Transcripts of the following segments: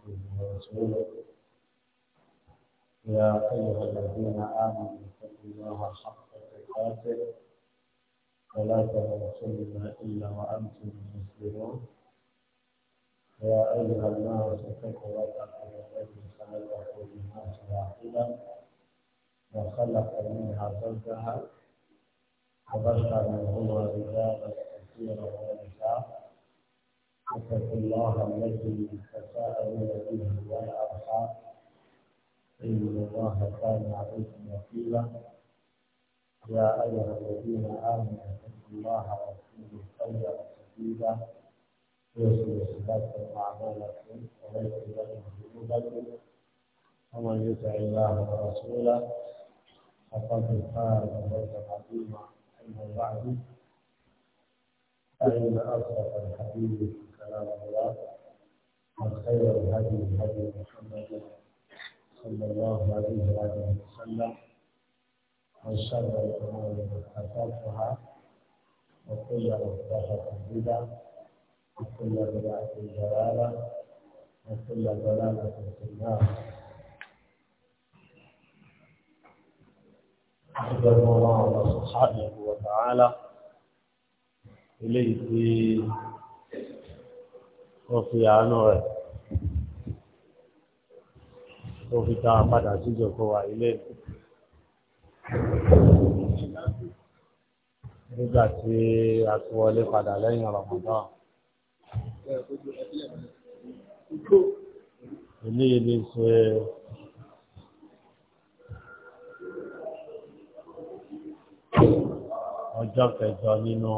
عبده ورسوله يا أيها الذين آمنوا اتقوا الله حق تقاته ولا تموتن إلا وأنتم مسلمون يا أيها الناس اتقوا ربكم الذي خلقكم من نفس واحدة وخلق منها زوجها وبشر منهما رجالا كثيرا ونساء اتقوا الله الذي تساءلون به والارحام ان الله كان عليكم وكيلا يا ايها الذين امنوا اتقوا الله وكونوا خيرا سبيلا يصلح لكم اعمالكم ويغفر لكم ذنوبكم ومن يطع الله ورسوله فقد فاز فوزا عظيما اما بعد فان اصدق الحديث كلام الله وخير الهدي هدي محمد صلى الله عليه وسلم وشر الأمور محدثاتها وكل محدثة بدعة وكل بدعة ضلالة وكل ضلالة في النار أحمد الله سبحانه وتعالى إليه wọ́n fi àánú rẹ̀ tó fi ta padà síjòkó wa ilé ìlú. nígbà tí a ti wọlé padà lẹ́yìn Ramadan. eléyìí ni ṣe. ọjọ́ kẹjọ nínú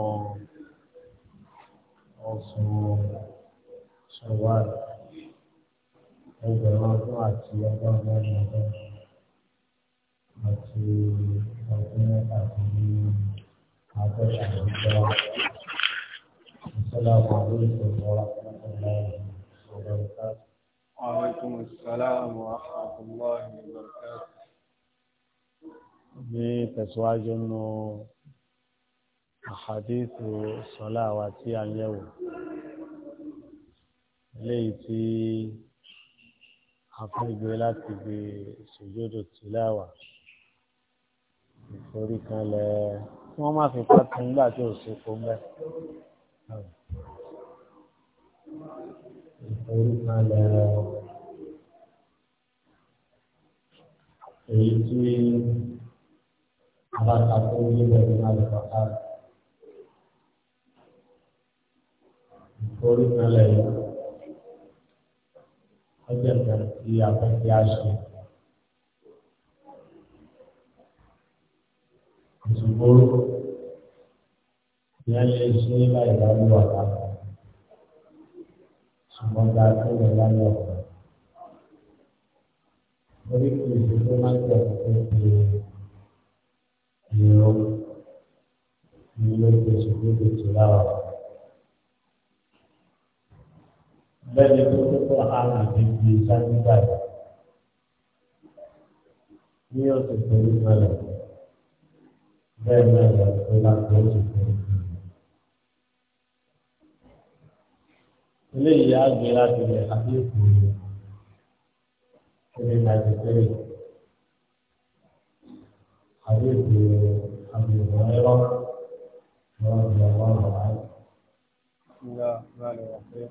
oṣù ṣọwọ́n ẹgbẹ̀rún ọdún àti ọgbọ̀n mẹ́rin ọdún àti ọdún mẹ́ta àti àádọ́ta ọdún السلام عليكم ورحمة الله وبركاته وعليكم السلام ورحمة الله وبركاته ní tẹ̀síwájú nù àhàdíìsì sọ́lá àwa tí a ń yẹ̀wò léyìí tí a fẹ́ gbé láti fi sujudu tilawa ìforí kan lẹ kí wọ́n má fi pàtó nígbà tí ò sí fún bẹ́ẹ̀. ìforí kan lẹ èyí tí abáta tó yé bẹ̀rẹ̀ náà lè pàtó. ìforí kan lẹ yìí ọjọ́ nǹkan tí a fẹ́ kí a ṣe. Ìṣòro ni a lè ṣe láì dáwọ́ ọ̀la. Ṣùgbọ́n gba akéwì láyọ̀ ọ̀la. Orí kìí ṣe tó máa ń tẹ̀ ọ́ pé kí lẹ́yìn tó tó tó hànà gbígbé sáyéńgbà yìí ní ọ̀sẹ̀ tó ń bẹ̀rẹ̀ bẹ́ẹ̀ náà lọ sí láti ọ̀sẹ̀ tó ń bẹ̀rẹ̀. eléyìí á gbé láti rẹ̀ àti èkó rẹ̀ kéré láti kéré àti èkó rẹ̀ àti èkó ẹ̀rọ lọ́wọ́ ìjọba ọ̀rọ̀ ayé.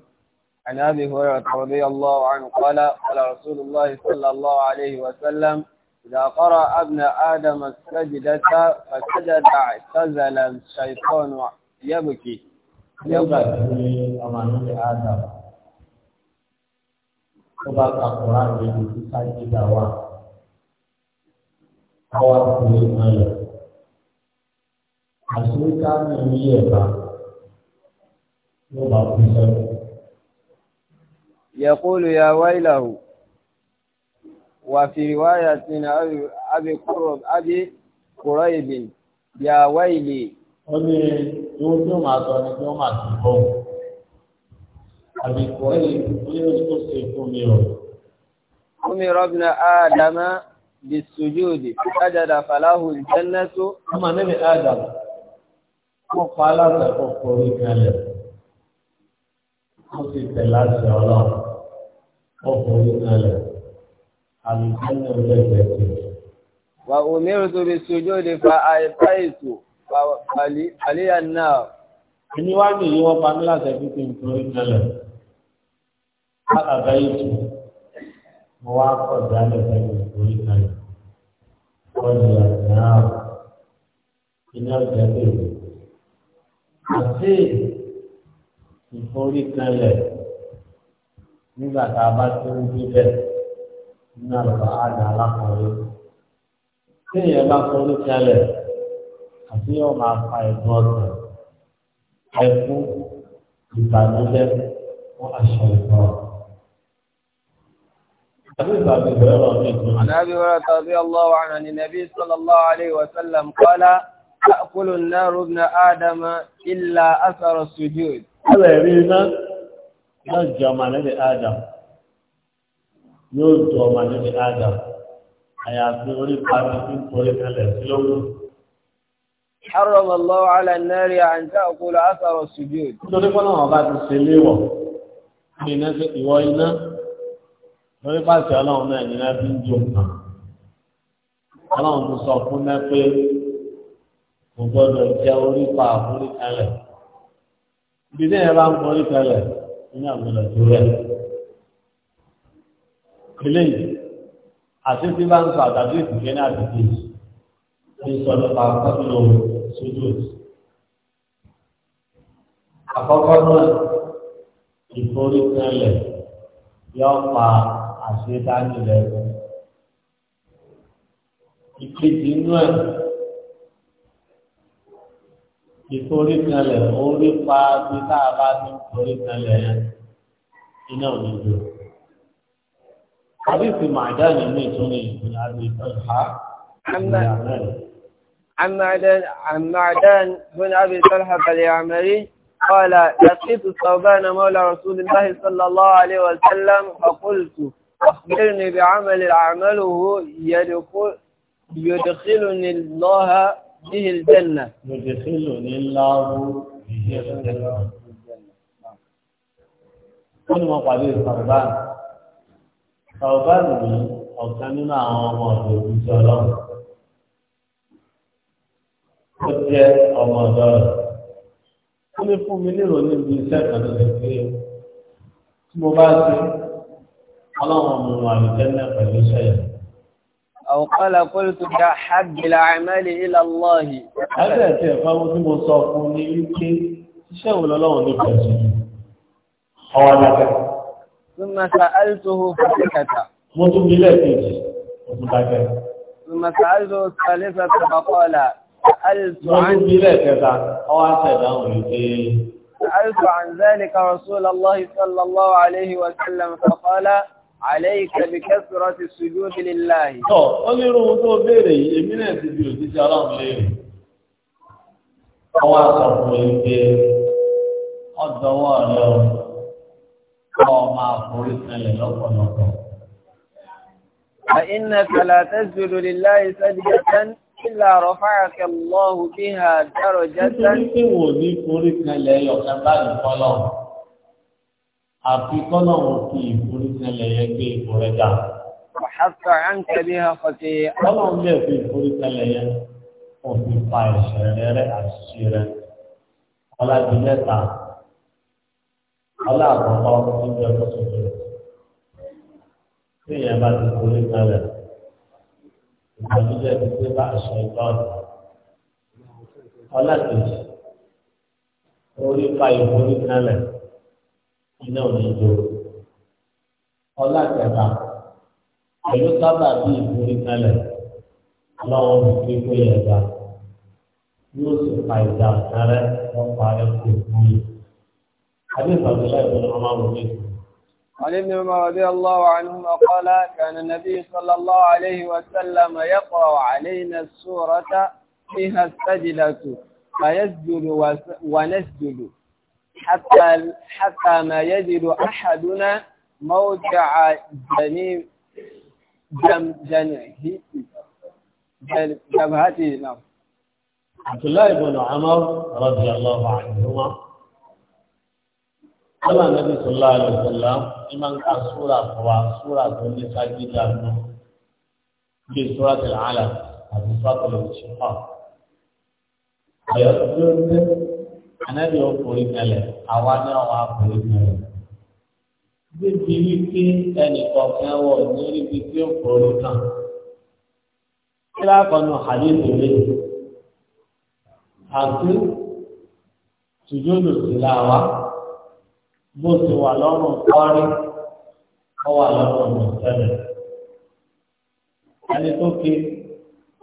عن أبي هريرة رضي الله عنه قال قال رسول الله صلى الله عليه وسلم إذا قرأ ابن آدم السجدة فسجد اعتزل الشيطان يبكي يبكي يقول يا ويله وفي رواية أبي قرب أبي قريب يا ويلي أبي يوم ما أتوني يوم ما أتوني أبي قريب ليه أمر ابن آدم بالسجود سجد فله الجنة أما نبي آدم وقال لك أخوري كالي أخوري كالي ọkùnrin kalẹ̀ àlùkánná ọlẹ́gbẹ̀ẹ́ tó. wà á omiru tó fi sojú de fa àìfá ètò àléyà náà. ẹni wá nìyí wọn pa ní láti ẹbí pé nítorí kalẹ̀ alága ètò mo wá kọ̀ dálẹ̀ lẹ́yìn nítorí kalẹ̀ wọ́n ní àná iná ìjẹ́bẹ̀rẹ̀ àti ìforí kalẹ̀ nígbà tá a bá tó ń gbé bẹ́ẹ̀ nínú àlọ́ àdá alákọ̀ọ́lé. Tí èèyàn bá sọ ní kẹlẹ̀ àti yóò máa fa ẹ̀dùn ọ̀sẹ̀, ẹ̀fún ìbànújẹ́ fún aṣọ ìtọ́. عن ابي هريره رضي الله عنه عن النبي صلى الله عليه وسلم قال تاكل النار ابن ادم الا اثر السجود. هذا يبين yóò jẹ ọmọ níbi Adam yóò jẹ ọmọ Adam àyàfi orí pàmì tí ń torí kalẹ̀ حرم الله على النار أن تأكل a السجود. nítorí pé náà ọba ti ṣe léwọ̀ ní iná ìwọ iná lórí pàṣẹ ọlọ́run ní àgbọ̀dọ̀ tó rẹ̀. eléyìí àti tí bá ń sọ àtàdé ìpìlẹ̀ ní àdìgbò ní sọ nípa kọ́tùlù sójú òtù. àkọ́kọ́ náà ìforí kanlẹ̀ yọ pa àṣetánilẹ̀ ìkejì inú ìforí orí pa bí tá a bá ní ń forí kanlẹ̀ yẹn iná ò ní jò. حديث معدان الميتوني بن أبي طلحة عن معدان عن معدان بن أبي طلحة اليعمري قال لقيت ثوبان مولى رسول الله صلى الله عليه وسلم فقلت أخبرني بعمل أعمله يدخل يدخلني الله به الجنة يدخلني الله به الجنة wọ́n mọ̀ pàdé sàrùbáàn sàrùbáàn ní ọ̀kan nínú àwọn ọmọ ọ̀dọ̀ òbíṣẹ́ ọlọ́run ó jẹ́ ọmọ ọ̀dọ́ rẹ̀ ó ní fún mi nírò níbi iṣẹ́ kan tó lè gbé tí mo bá ṣe ọlọ́run ọmọ àlùjẹ́ náà pẹ̀lú iṣẹ́ أو قال قلت كحب الأعمال إلى الله هذا كيفاو تمو صافوني يمكن شاول الله نفسه حوالك ثم سألته فسكت مطلب لك ثم سألته الثالثة فقال سألت عن سألت عن ذلك رسول الله صلى الله عليه وسلم فقال Àlẹ́yìnkẹ́ bí kẹ́sìrọ́ ti ṣùjú nílé láàyè. Tọ́ ó nírú ohun tó béèrè yìí, èmi náà ti di òjíṣẹ́ ọlọ́run léèrè. Ọwọ́ àtọ̀kùn yìí pé ọ̀dọ́wọ́ rẹ̀ ọ̀ máa forí sanlẹ̀ lọ́pọ̀lọpọ̀. فإنك لا تسجد لله سجدة إلا رفعك الله بها درجة àfi kọ́nà wọn fi ìfúnni sẹlẹ̀ yẹn gbé ipò rẹ̀ dà. Wàhálà à ń kẹ́lé ọkọ̀tì. Kọ́nà ń bẹ̀ fi ìfúnni sẹlẹ̀ yẹn wọ́n fi fa ẹ̀ṣẹ̀ rẹ̀ àṣìṣe rẹ̀. Ọlájú mẹ́ta. Ọlá àkọ́kọ́ ti bẹ fọ́sọ̀tò. Bí ìyẹn bá ti forí sẹlẹ̀, ìgbàlódé ti pé bá aṣọ ìtọ́jú. Ọlá kejì. Orí fa ìfúnni sẹlẹ̀ iná òyìnbó ọlá kẹta pẹ̀lú sábà bíi ìforí kalẹ̀ ọlọ́wọ́ fi kí kó yẹ ẹ̀dá yóò sì fa ìdá àtàrẹ wọn parẹ́ kó fún yìí. حديث عبد الله بن عمر عن ابن عمر رضي الله عنهما قال كان النبي صلى الله عليه وسلم يقرأ علينا السورة فيها السجدة فيسجد ونسجد حتى حتى ما يجد أحدنا موضع جم جنيه جبهته نعم عبد الله بن عمر رضي الله عنهما قال النبي صلى الله عليه وسلم إمام سورة فوا سورة النساء جدا في سورة العلم هذه سورة الانشقاق anabi ọkùnrin kalẹ̀ àwa náà wà ọkùnrin kalẹ̀. Bébí wípé ẹnìkọ̀ọ̀kan wọ̀ ní ibi tí ó kọ̀ọ̀rọ̀ kan. Kílá kanu hadith mi. Àti tùjọ́dù sí láwa. Bó ti wà lọ́rùn kọ́rí, ọ wà lọ́rùn mọ̀tẹ́lẹ̀. Ẹni tó ké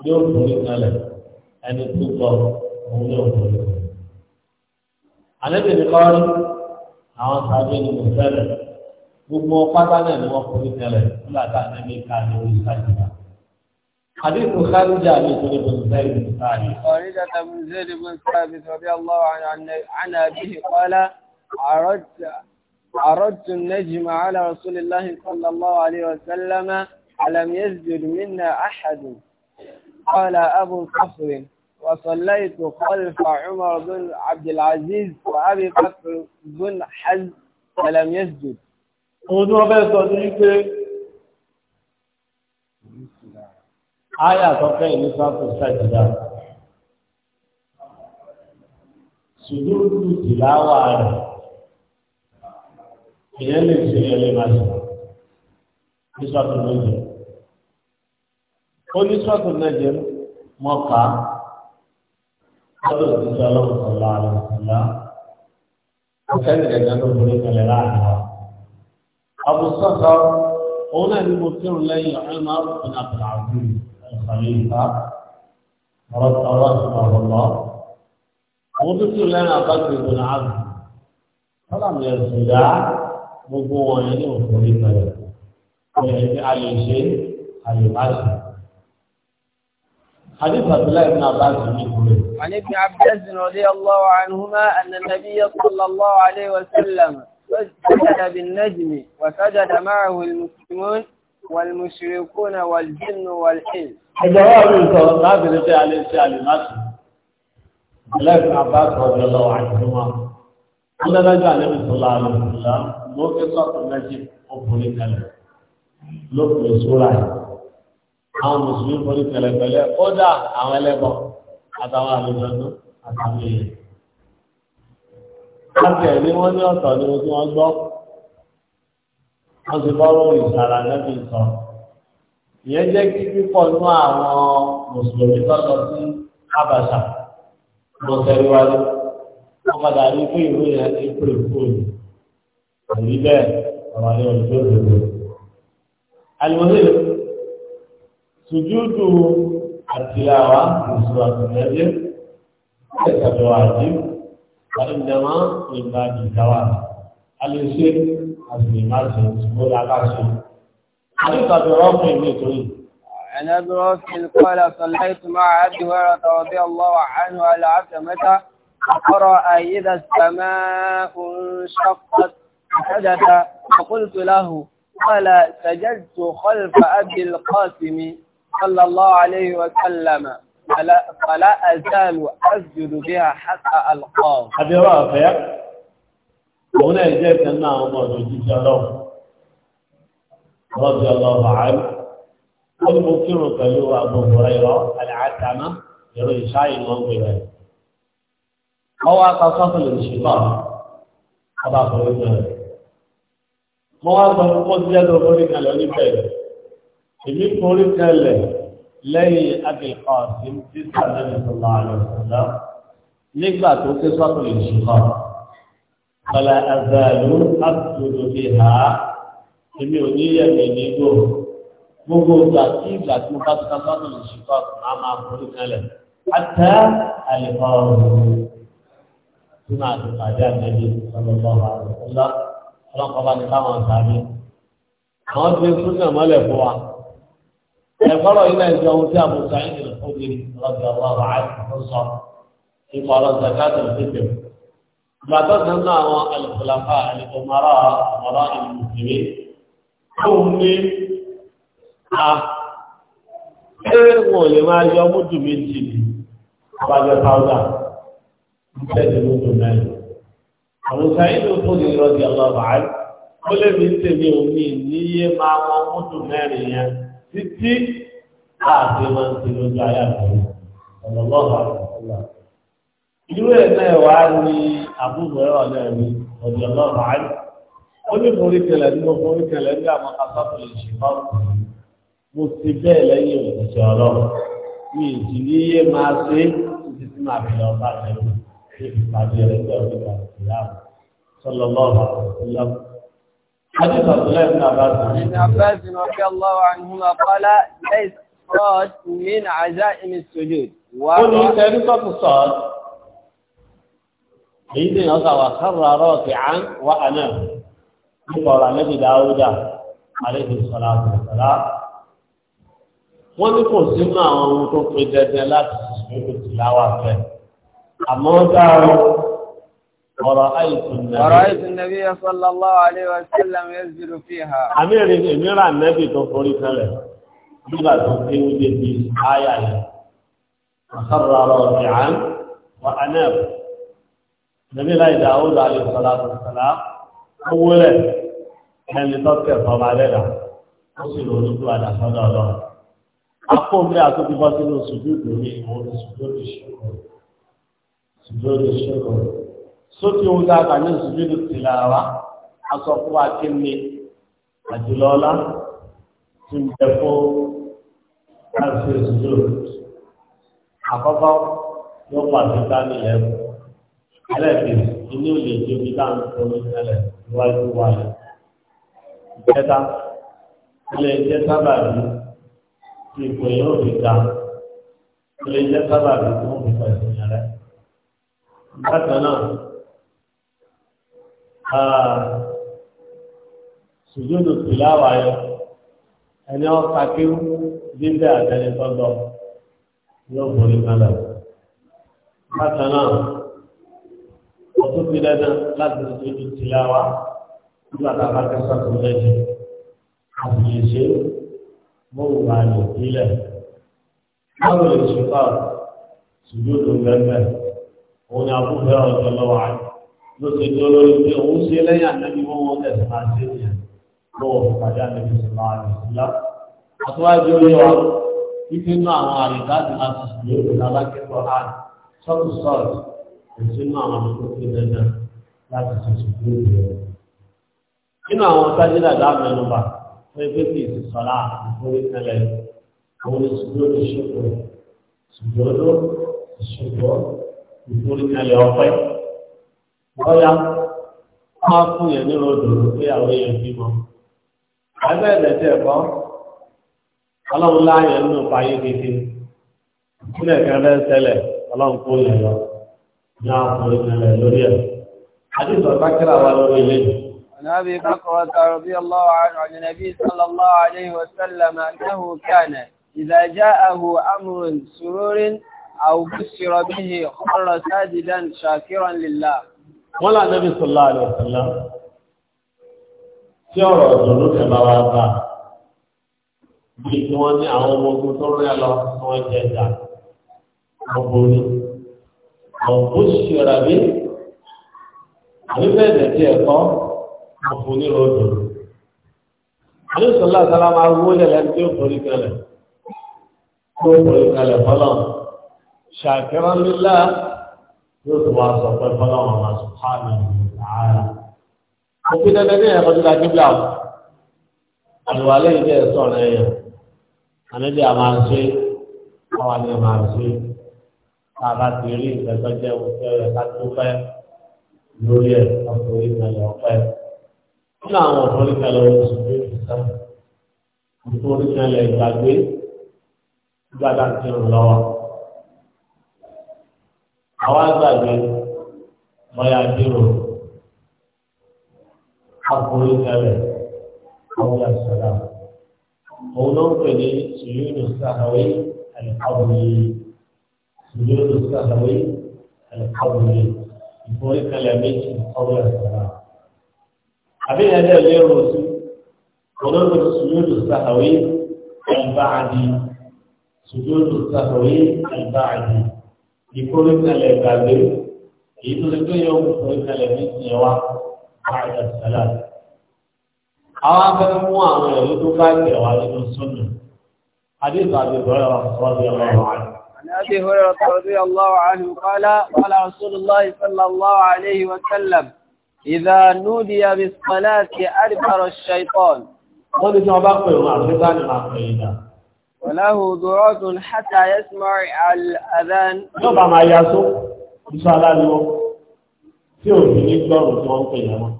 yóò kọ̀ọ̀rọ̀ kalẹ̀. Ẹni tó gbọ́ òun yóò kọ̀ọ̀rọ̀ kalẹ̀ àlẹ́bí ni kọ́ rí àwọn sàbí ni kò tẹ́lẹ̀ gbogbo pátá náà ni wọ́n forí tẹ́lẹ̀ nígbà tá àlẹ́bí ká ní orí sájìlá. حديث خارجة عن زيد بن زيد بن ثابت خارجة بن زيد بن ثابت رضي الله عنه عن أبيه قال عرضت عرضت النجم على رسول الله صلى الله عليه وسلم ألم يسجد منا أحد قال أبو صفر وصليت خلف عمر بن عبد العزيز وأبي بكر بن حزم فلم يسجد ọdún ọbẹ̀ sọ ní pé àyà tọ́fẹ́ ìlú sáfù ṣàjìdá ṣùgbọ́n ìdìláwà rẹ̀ ìyẹn lè ṣe ẹlẹ́ máa ṣe ní sọ́tún lóde ó ní sọ́tún lóde mọ́ka lọ́dọ̀ òṣìṣẹ́ ọlọ́run sọ̀lá àlùfọ̀lá ọ̀sẹ́ni gẹ̀gẹ́ ló borí kalẹ̀ láàrin wa. àbùsọ̀tọ̀ òun náà ní mo kírun lẹ́yìn ọ̀hánà ọ̀hún àbùràbù ẹ̀fọ́lẹ́ ìfà ọ̀rọ̀ ọ̀rọ̀ ọ̀rọ̀ àwọn tó kírun lẹ́yìn àbájú ìbùnà àbù sọ́làmì ẹ̀sùdá gbogbo wọn yẹn ní òfòrí kalẹ̀ ọ̀rẹ́ ẹ̀jẹ̀ حديث عبد الله بن عباس عن ابن عباس رضي الله عنهما أن النبي صلى الله عليه وسلم سجد بالنجم وسجد معه المسلمون والمشركون والجن والإنس. الجواب من قابل عليه السؤال الله بن عباس رضي الله عنهما أن رجع النبي صلى الله عليه وسلم موقف النجم أبو لك لكم سورة àwọn mùsùlùmí forí pẹ̀lẹ́pẹ̀lẹ́ kódà àwọn ẹlẹ́bọ àtàwọn àlùfẹnú àtàwọn èèyàn. láti ẹ̀mí wọ́n ní ọ̀tọ̀ ni ohun tí wọ́n gbọ́ wọ́n ti bọ́rọ̀ ìsàrà lẹ́bi sọ. ìyẹn jẹ́ kí pípọ̀ nú àwọn mùsùlùmí tọ́lọ sí Habasha lọ́sẹ̀ríwájú wọ́n padà rí fún ìwé yẹn ní pèrè fóònù. àbí bẹ́ẹ̀ olùdókòwò. àlùmọ́sílẹ̀ Sujudu التلاوة من سورة النجم ليس بواجب وإنما من باب الثواب الإنسان أصلي ما سيقول على شيء حديث أبي رافع بن عن أبي رافع قال صليت مع أبي هريرة رضي الله عنه على عتمة فقرأ إذا السماء انشقت حدث فقلت له قال سجدت خلف أبي القاسم صلى الله عليه وسلم فلا, أزال أسجد بها حتى ألقاه أبي رافع هنا جاءت أنها أمر جلال رضي الله عنه المكر قالوا أبو هريرة العتمة يروي شاي وغيره هو قصص الانشقاق أبا هريرة مواقف قد يدرك لك العلم èmi forí tẹ́lẹ̀ lẹ́yìn abẹ́kọ̀ sí ti sàlẹ̀ ìṣọ̀lá àlọ́sọ̀lá nígbà tó ké sọ́tò ìṣùkọ́ kọlá àzàlù àtúndò bí ha èmi ò ní yẹ̀mí nígbò gbogbo ìgbà tí ìgbà tí mo bá ti ká sọ́tò ìṣùkọ́ máa máa forí tẹ́lẹ̀ àtẹ àlẹ́kọ̀ sínú àtìpàdé àtẹ́bí sọ́lọ́lọ́ àlọ́sọ̀lá ọlọ́kọ̀ọ́bá ni káwọn sáré àwọn ti ń súnà mọ́lẹ̀ fún wa ẹ̀kọ́rọ̀ ilé ẹ̀jọ́ ohun tí a bò sáyé ní ìfọ̀dé lọ́dọ̀ ọlọ́run àìsàn sọ nípa ọ̀rọ̀ zakato fífẹ́. Gbàtọ́ sẹ́nu àwọn alìkùlàfà alìkùmárà ọ̀rọ̀ ìmùsùlùmí. Tóun ní a ṣé wọn ò lè máa yọ múdù méjì ní abájọ táwùdà níṣẹ́jú múdù mẹ́rin. Àwọn sáyé ní ìfọ̀dé lọ́dọ̀ ọlọ́run àìsàn ó lè fi ń tèmi òun ní máa wọn múdù mẹ́rin yẹn títí àti máa ń ṣe lójú ayé àgbáyé ọ̀nà lọ́wọ́ àgbàlá. Irú ẹ̀ náà wá ní àbúrò náà ní ọ̀dọ̀ ọlọ́run àyè. Ó ní forí kẹlẹ̀ ní mo forí kẹlẹ̀ ní àwọn akápò lè ṣe máa ń kú. Mo ti bẹ́ẹ̀ lẹ́yìn òṣìṣẹ́ ọlọ́run. Mi ì sì ní yé máa ṣe títí tí màá fi lọ bá rẹ̀ Ṣé ìpàdé rẹ̀ jẹ́ oníkàlùkù yára? Sọlọ́lọ́ọ̀rọ̀ àti ìlànà. حديث عبد الله بن عباس بن عباس رضي الله عنهما قال ليس صاد من عزائم السجود قل ثالثة الصاد عيد نظر وخر راكعا وأنام يقول النبي داود عليه الصلاة والسلام wọ́n ní kò sínú àwọn ohun tó pe dandan láti ṣe ìlú tìláwà fẹ́ àmọ́ dáa Ọ̀rọ̀-àìsù nàbí sallallahu alaihi wa sallam yasjudu fiha. Àmì ìrìn ìmíràn nẹ́bì tó forí kalẹ̀, nígbà tó ké ń lé bí áyà yìí. Àkàrọ̀ ọ̀rẹ̀ àn wà anẹ́b. Nàbí láì Dawud alaihi salatu wassalam, ó wúlẹ̀ ẹni tó kẹfọ́ máa lẹ́dà, sókè ohun tá a kà ní ìsúlẹ̀dù tìlára aṣọ fún wa kí ni àjùlọ́lá ti ń bẹ fún láti ìsúlẹ̀dù àkọ́kọ́ yóò pàṣẹ dání lẹ́kọ̀ọ́ ẹlẹ́gbẹ̀ẹ́ inú lè jẹ́ omi tá à ń sọ ní tẹ́lẹ̀ níwájú wa lẹ̀ ìjẹta ilé ìjẹ sábà bí ti ìpò yóò fi ga ilé ìjẹ sábà bí tó ń fi pẹ̀sìn rẹ̀ bákan náà sùjúdù tìláwà yọ ẹni ọ̀ka kíw dídẹ́ àtẹni tọ́jọ́ yóò borí kalẹ̀. bákan náà ọtún ti dẹ́dẹ́ láti sùjúdù tìláwà nígbà tá a bá kẹ́sọ̀ tó lẹ́jẹ̀ àwòyè ṣe mọ́ òwò àyè ìpínlẹ̀ báwo lè ṣe fà sùjúdù gbẹgbẹ òun ni àbúfẹ́ ọ̀jọ̀ lọ́wọ́ àyè ló ti tó lórí pé òun ṣe lẹ́yìn ànábi wọn wọn tẹ̀sán máa ṣe ní ẹ̀ lọ́wọ́ ìpàdé ànábi sì máa rẹ̀ sílá. àtúwájú orí wa títí nínú àwọn àyíká àti láti sùn lórí alákẹ́kọ̀ọ́ àn sọ́ọ̀tù sọ́ọ̀tù èsì nínú àwọn àmì tó fi dandan láti sùn sùn lórí rẹ̀. nínú àwọn sájídà dá mẹ́nubà fún ẹgbẹ́ tí ìsì sọ́lá ìforí tẹ́lẹ̀ àwọn ìṣòro ìṣòro ìṣòro bọ́yá máa fún yẹn ní odò pé àwọn èèyàn bímọ. Àgbẹ̀ ìdẹ̀tẹ̀ ẹ̀kọ́ ọlọ́run láàyè nínú fàyè kékeré. Sílẹ̀ kan fẹ́ ṣẹlẹ̀ ọlọ́run kó yẹn lọ ní àwọn ìṣẹ̀lẹ̀ lórí ẹ̀. Adéṣọ̀ Bákírà wà lórí ilé. Ànábì Bákọ̀rọ̀ sọ̀rọ̀ bí ọlọ́wà àrùn ànábì sallallahu alaihi wa sallam annahu kana idha ja'ahu amrun sururin aw bushira bihi khara sajidan shakiran lillah wọ́n là nẹ́bí sọ̀lá àlẹ́ ọ̀sẹ̀lá tí ọ̀rọ̀ ọ̀dùnú tẹ̀ bá wá bá bí kí wọ́n ní àwọn ọmọ ogun tó rẹ́ lọ kí wọ́n jẹ ẹ̀dá ọkùnrin ọ̀pọ̀ ṣìṣẹ́ra bí àbíbẹ̀ ẹ̀dẹ̀ tí ẹ̀kọ́ ọkùnrin rọ̀dùn. àlẹ́ sọ̀lá àtàlà máa wúlẹ̀ lẹ́nu tí ó forí kalẹ̀ tó forí kalẹ̀ fọlọ́ ṣàkẹ́rọ̀ nílá yóò tó wá sọ pé fọlọ́ wọn máa sọ subhanahu wa ta'ala. òfin dandan ní ẹ̀kọ́ tó dájú bí àwọn àlùwà lẹ́yìn jẹ́ ẹ̀sọ́ rẹ̀ yẹn àníbi àmà ṣe àwọn àni àmà ṣe àbá ti rí ìgbẹ́tọ́ jẹ́ òfin rẹ̀ ká tó fẹ́ lórí ẹ̀ ọkùnrin ìgbàlẹ̀ ọ̀pẹ́ nínú àwọn ọ̀fọ́rí kẹlẹ̀ oṣù tó ti sẹ́yìn ọ̀fọ́rí kẹlẹ̀ ìgbàgbé gbàdá ti rìn lọ́wọ́ àwọn àgbàgbé bọ́yá dúró akọ̀wé tẹ̀lé ọ̀wé àṣàlá. Òun ló ń pè ní sùyúdù sàhàwé àlùkàwé sùyúdù sàhàwé àlùkàwé ìfowópamọ́ tẹ̀lé méjì ọ̀wé àṣàlá. Àbí ẹ̀dẹ̀ lérò sí òun ló ń pè ní sùyúdù sàhàwé àlùbáàdì sùyúdù sàhàwé àlùbáàdì ìfowópamọ́ tẹ̀lé gbàgbé èyí tó lè gbé yóò kó ìkàlẹ̀ ní ìsìn wa àìsàn sálà. àwọn afẹ́ mú àwọn ẹ̀rí tó bá tẹ̀ wá nínú sọ́nà حديث أبي هريرة رضي الله عنه عن أبي هريرة رضي الله عنه قال قال رسول الله صلى الله عليه وسلم إذا نودي بالصلاة أدبر الشيطان وله ضعف حتى يسمع الأذان iṣẹ́ aláriwo tí ò sí ní gbọ́rọ̀ tí wọ́n ń pè lẹ́wọ̀n.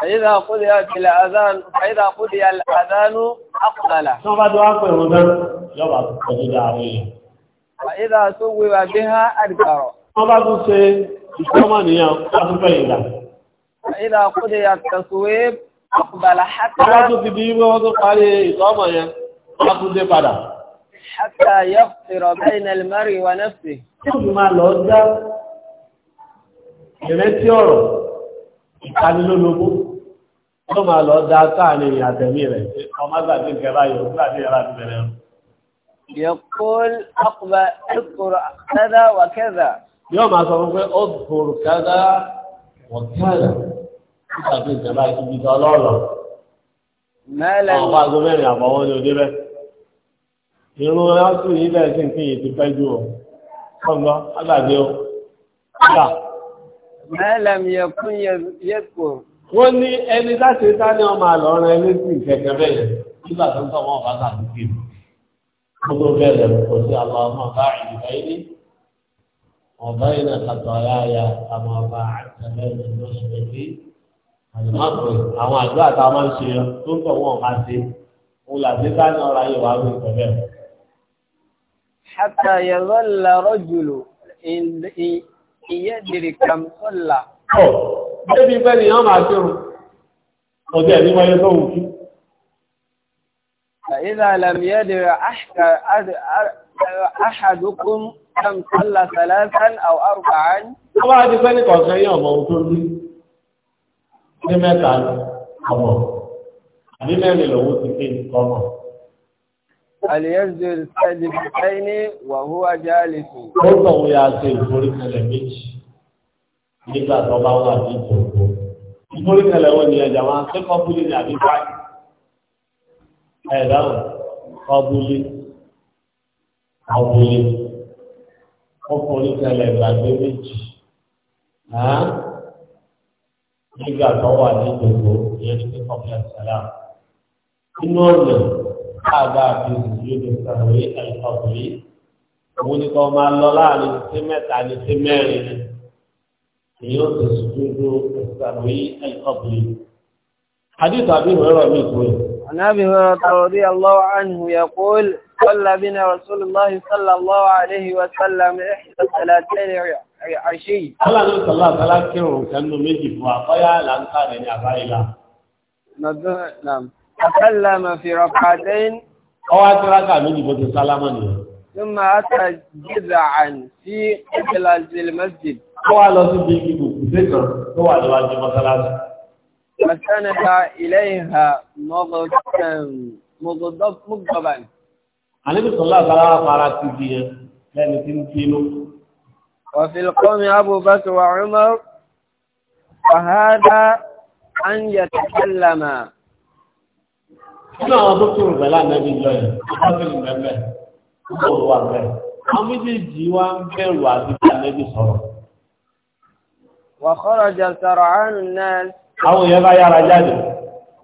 àyíká kúndé àkìlẹ̀ àdánù àyíká kúndé àdánù àkùnàlà. tí wọ́n bá ti wá pè wọ́n dán yọba tó pọ̀ nígbà àwọn èèyàn. àyíká tó wé wa bí há àdìgbàrọ̀. wọ́n bá tún ṣe ìṣọ́mọ̀nìyàn látúfẹ́ ìgbà. àyíká kúndé àtẹ̀sùwé àkùnàlà hátà. wọ́n bá tún ti di wọ́n tó parí ìṣọ́mọ̀ ìrètí ọ̀rọ̀ ìtanilólobó ló máa lọ da sáàrin ìrìn àtẹ̀mí rẹ̀ ọmọ gbàgbé ìkẹrẹ ayò gbàgbé ìrìn àti bẹ̀rẹ̀ rẹ̀. يقول أقبل اذكر كذا وكذا yóò máa sọ fún pé ó bòrò kádà wọ̀kádà tàbí ìjọba ìbìtọ̀ ọlọ́ọ̀lọ́. mẹ́lẹ̀ ọ̀pá aago mẹ́rin àbọ̀wọ́ ni òde ti pẹ́ ọ̀gbọ́n agbàgbé o mẹ́lẹ̀m yẹ kún yẹ kò. wọ́n ní ẹni láti ta ni ọmọ àlọ́ ọ̀rọ̀ ẹni sí ìkẹ̀kẹ́ bẹ́ẹ̀ nígbà tó ń tọ́ wọn bá tàbí kí ni. mo tó bẹ̀rẹ̀ kò sí àwọn ọmọ bá ìdìbò yìí wọ́n bá yìí náà kàtọ́ ara ya àwọn ọba àtẹlẹ́yìn lóṣù pẹ̀lú àdìmọ́tò àwọn àjọ àtàwọn ń ṣe tó ń tọ̀ wọn bá ṣe òun làti ta ni ọ̀rọ̀ ayé wàá ìyẹ́ dèrè kàmsọ́là. Ọ̀ débi pẹ́ ni wọ́n máa kírun, ọjọ́ ẹ̀mí wáyé tó wù kí. Ìdá àlàmìyẹ́ dèrè àhàdùkún kàmsọ́là sàlátán àw àrùbàán. Wọ́n bá ti pẹ́ ní kọ̀ọ̀kan yẹn ọmọ òun àlìyẹ́sì sẹ́ẹ̀dì ẹni wàhú ajálìsì. ó lọ́wọ́ ya ṣe ìforíkalẹ̀ méjì nígbà tó bá wà ní ìjòkó. ìforíkalẹ̀ wọn ni ẹ̀jẹ̀ wọn ṣé kọ́búlì ní àbí báyìí. ẹ̀ dáhùn kọ́búlì kọ́búlì ó foríkalẹ̀ gbàgbé méjì. nígbà tó wà ní ìjòkó ìyẹn ti kọ́búlì àṣàlá. inú ọ̀nà káàbà fi sùjúdù sàwé àìsàwé òun ni kò máa lọ láàrin sí mẹ́ta ní sí mẹ́rin ni èyí ó sì sùjúdù sàwé àìsàwé. حديث أبي هريرة يقول عن أبي هريرة رضي الله عنه يقول صلى بنا رسول الله صلى الله عليه وسلم إحدى الثلاثين عشي. هلا نقول الله ثلاثة كانوا ميجي فوا قيا لأنقاذني أبايلا. نعم. Àkàlàmà fi rọ̀kàdé ń. Ọwọ́ àtúrákà méjì bó ti sálámà nìyẹn. Súnmọ́ àtà jíza àn sí ìbílà Zilmasjid. Ó wá lọ sí bí ibùdó kùsé kan tó wà níwájú mọ́sálásí. Màsánàta ilé ìhà mọ́gọ́dọ́gbọ̀n. Àníbi sọ̀lá àtàrà fara ti di yẹn lẹ́ni tí ń bínú. Wàfíl kọ́mi Abubakar wa Umar, wàhádá an nínú àwọn tó tún rẹ̀ lánàbí lọ yìí wọ́n fi lù mẹ́mẹ́ ó lọ wà bẹ́ẹ̀ àwọn méjèèjì wá ń bẹ̀rù àti lánàbí sọ̀rọ̀. wa kharaja sar'anu an-nas. àwọn èèyàn bá yára jáde.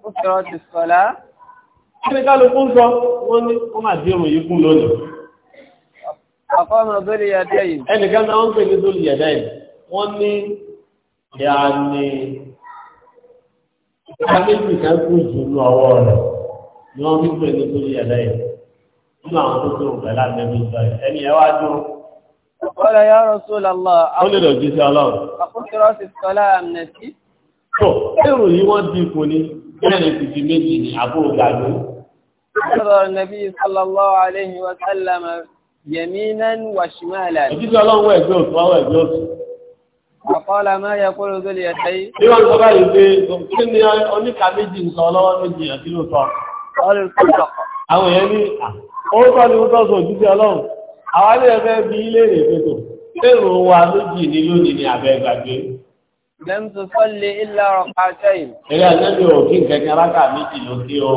ó sọ̀rọ̀ ti sọ̀lá. kíni kálukú sọ wọ́n ní wọ́n máa dé òòyì fún lónìí. àkọ́ ọmọ bẹ́ẹ̀ yà dé yìí. ẹnìkan náà wọ́n pè ní lórí yà dá yìí wọ́n ní yà á ní méjì kan kú jù lọ́wọ́ rẹ̀ ni wọ́n fi pè ní sórí ẹ̀dá yẹn nínú àwọn tó tó rùpẹ̀ láti ẹbí sọ yẹn ẹni ẹ wá dúró. ọ̀rẹ́ ya Rasulullah. ó lè lọ jí sí ọlọ́run. àkókò sì sọlá àmì tó èrò yìí wọ́n di ipò ní bẹ́ẹ̀ ni kùtì méjì ní àbúrò gàdú. ọ̀rọ̀ nàbí sallallahu alayhi wa sallam yaminan wa shimalan. òjijì ọlọ́run wẹ̀ gbé òtún ọwọ́ ẹ̀gbẹ́ òtún. Àkọ́lá máa yẹ kó lóde lè tẹ́yí. Bí wọ́n sọ báyìí pé kí ni oníkà méjì ń sọ lọ́wọ́ méjì àti lóòótọ́? àwọn èèyàn ní orúkọ ni wọ́n tọ́sọ̀ òjúṣe ọlọ́run àwọn ilé ẹgbẹ́ bí ilé rè fètò èrò wa méjì ní lónìí ni àbẹ gbàgbé. lẹ́nu tó sọ́lé ilé ọ̀rọ̀ pàṣẹ yìí. eré àtẹ́bí ò kí nǹkan kan rákà méjì ló kí o.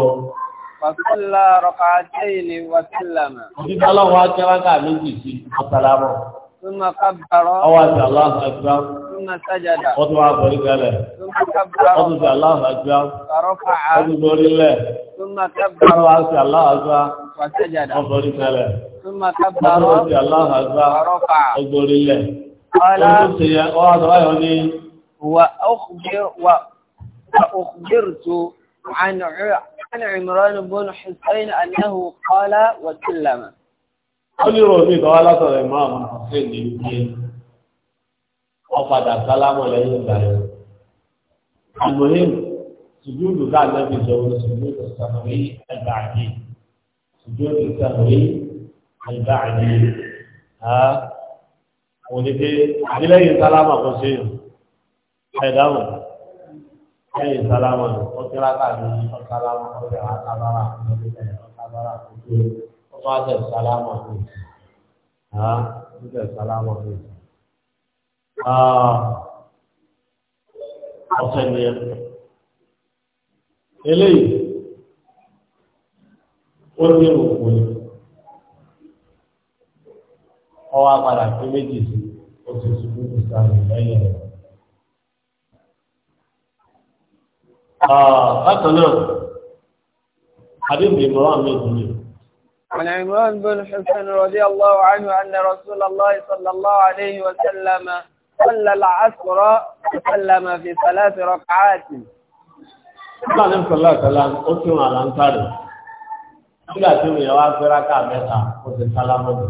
wàsílà rọ̀kà àtẹ́yìn ni wàsílà mà. òtítọ́ ọlọ́run wá kí rákà méjì sí ọ̀sálámọ̀. tó máa Ọdún wa bọ̀rí gẹ́lẹ̀. Ọdún sí aláhùn àjúwá. Ọdún bọ̀rí lẹ̀. Ọdún wa sí aláhùn àjúwá. Ọbọ̀rí gẹ́lẹ̀. Ọdún sí aláhùn àjúwá. Ọgbọ̀rí lẹ̀. Ọdún sí ọdún ayọ̀ ní. Wà ọkùnrin عن عمران بن حسين أنه قال وسلم. قل يروي قال ترى إمام ọ̀padà sálámọ̀ lẹ́yìn ìgbà yẹn. àlùmọ́yìn sùdúùdù ká lẹ́bi ìjọba sùdúùdù sàmùrí ẹ̀gbà àdé sùdúùdù sàmùrí ẹ̀gbà àdé ha oníke àdílẹ́yìn sálámà kò sí ẹ̀dáhùn lẹ́yìn sálámà ọ̀kẹ́lákà ní ọ̀sálámà ọ̀kẹ́ àtàbárà ọ̀kẹ́ àtàbárà ọ̀kẹ́ ọ̀kẹ́ àtẹ̀ sálámà ọ̀kẹ́ ha ọ̀kẹ́ sálámà ọ̀kẹ́. Ah, ọ̀sẹ̀ ni ẹ eléyìí ó ní òkú ni ọwọ́ apàdà pé méjì sí ó ti ṣubú ní sàmì lẹ́yìn rẹ̀. Ah, bákan náà àdébìí mọ́ra mi dùn عن عمران بن حسن رضي الله عنه أن رسول الله صلى الله عليه وسلم صلى العصر وسلم في ثلاث ركعات Nígbà ní Sọlá Ìsọlá ó tí wọn àlá ń sáré. Nígbà tí mi wá fẹ́ra ká mẹ́ta, ó ti sálámọ́ lò.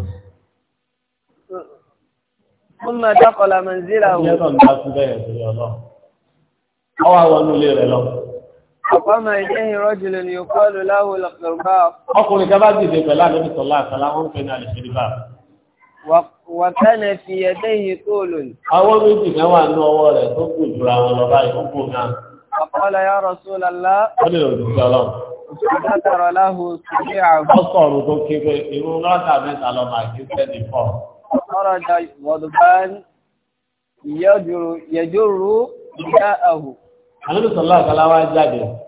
Ó máa dákọ̀lá mẹ́zíra o. Ìyẹ́sọ̀ ń dá sí bẹ́ẹ̀ sí ọlọ́. Ó wá wọnú ilé rẹ̀ lọ. Ọ̀pá máa ń yẹ́yìn rọ́jùlẹ̀ ni ó kọ́ lò láwọ̀ lọ́kùnrin bá. Ọkùnrin kan bá dìde pẹ̀lú àdébìsọ̀lá Ìsọlá, wọ́n ń pè ní àlè wà kánà fi ẹdẹ yìí kó lónìí. àwọn méjì kan wà ní ọwọ́ rẹ̀ tó kù jura wọn lọ báyìí fún kùn náà. àkọọ́lẹ̀ ya Rasulullah. ó lè lòdì sí ọlọ́run. Látàrọ̀ láhùn sílé àgbà. Ó sọ̀rọ̀ tó képe, ìrú lọ́tà mẹ́ta lọ máa kí sẹ́ni fọ́. Ọ̀rọ̀ da wọ̀dùbán yẹjúrú ìyá àhù. Àlejò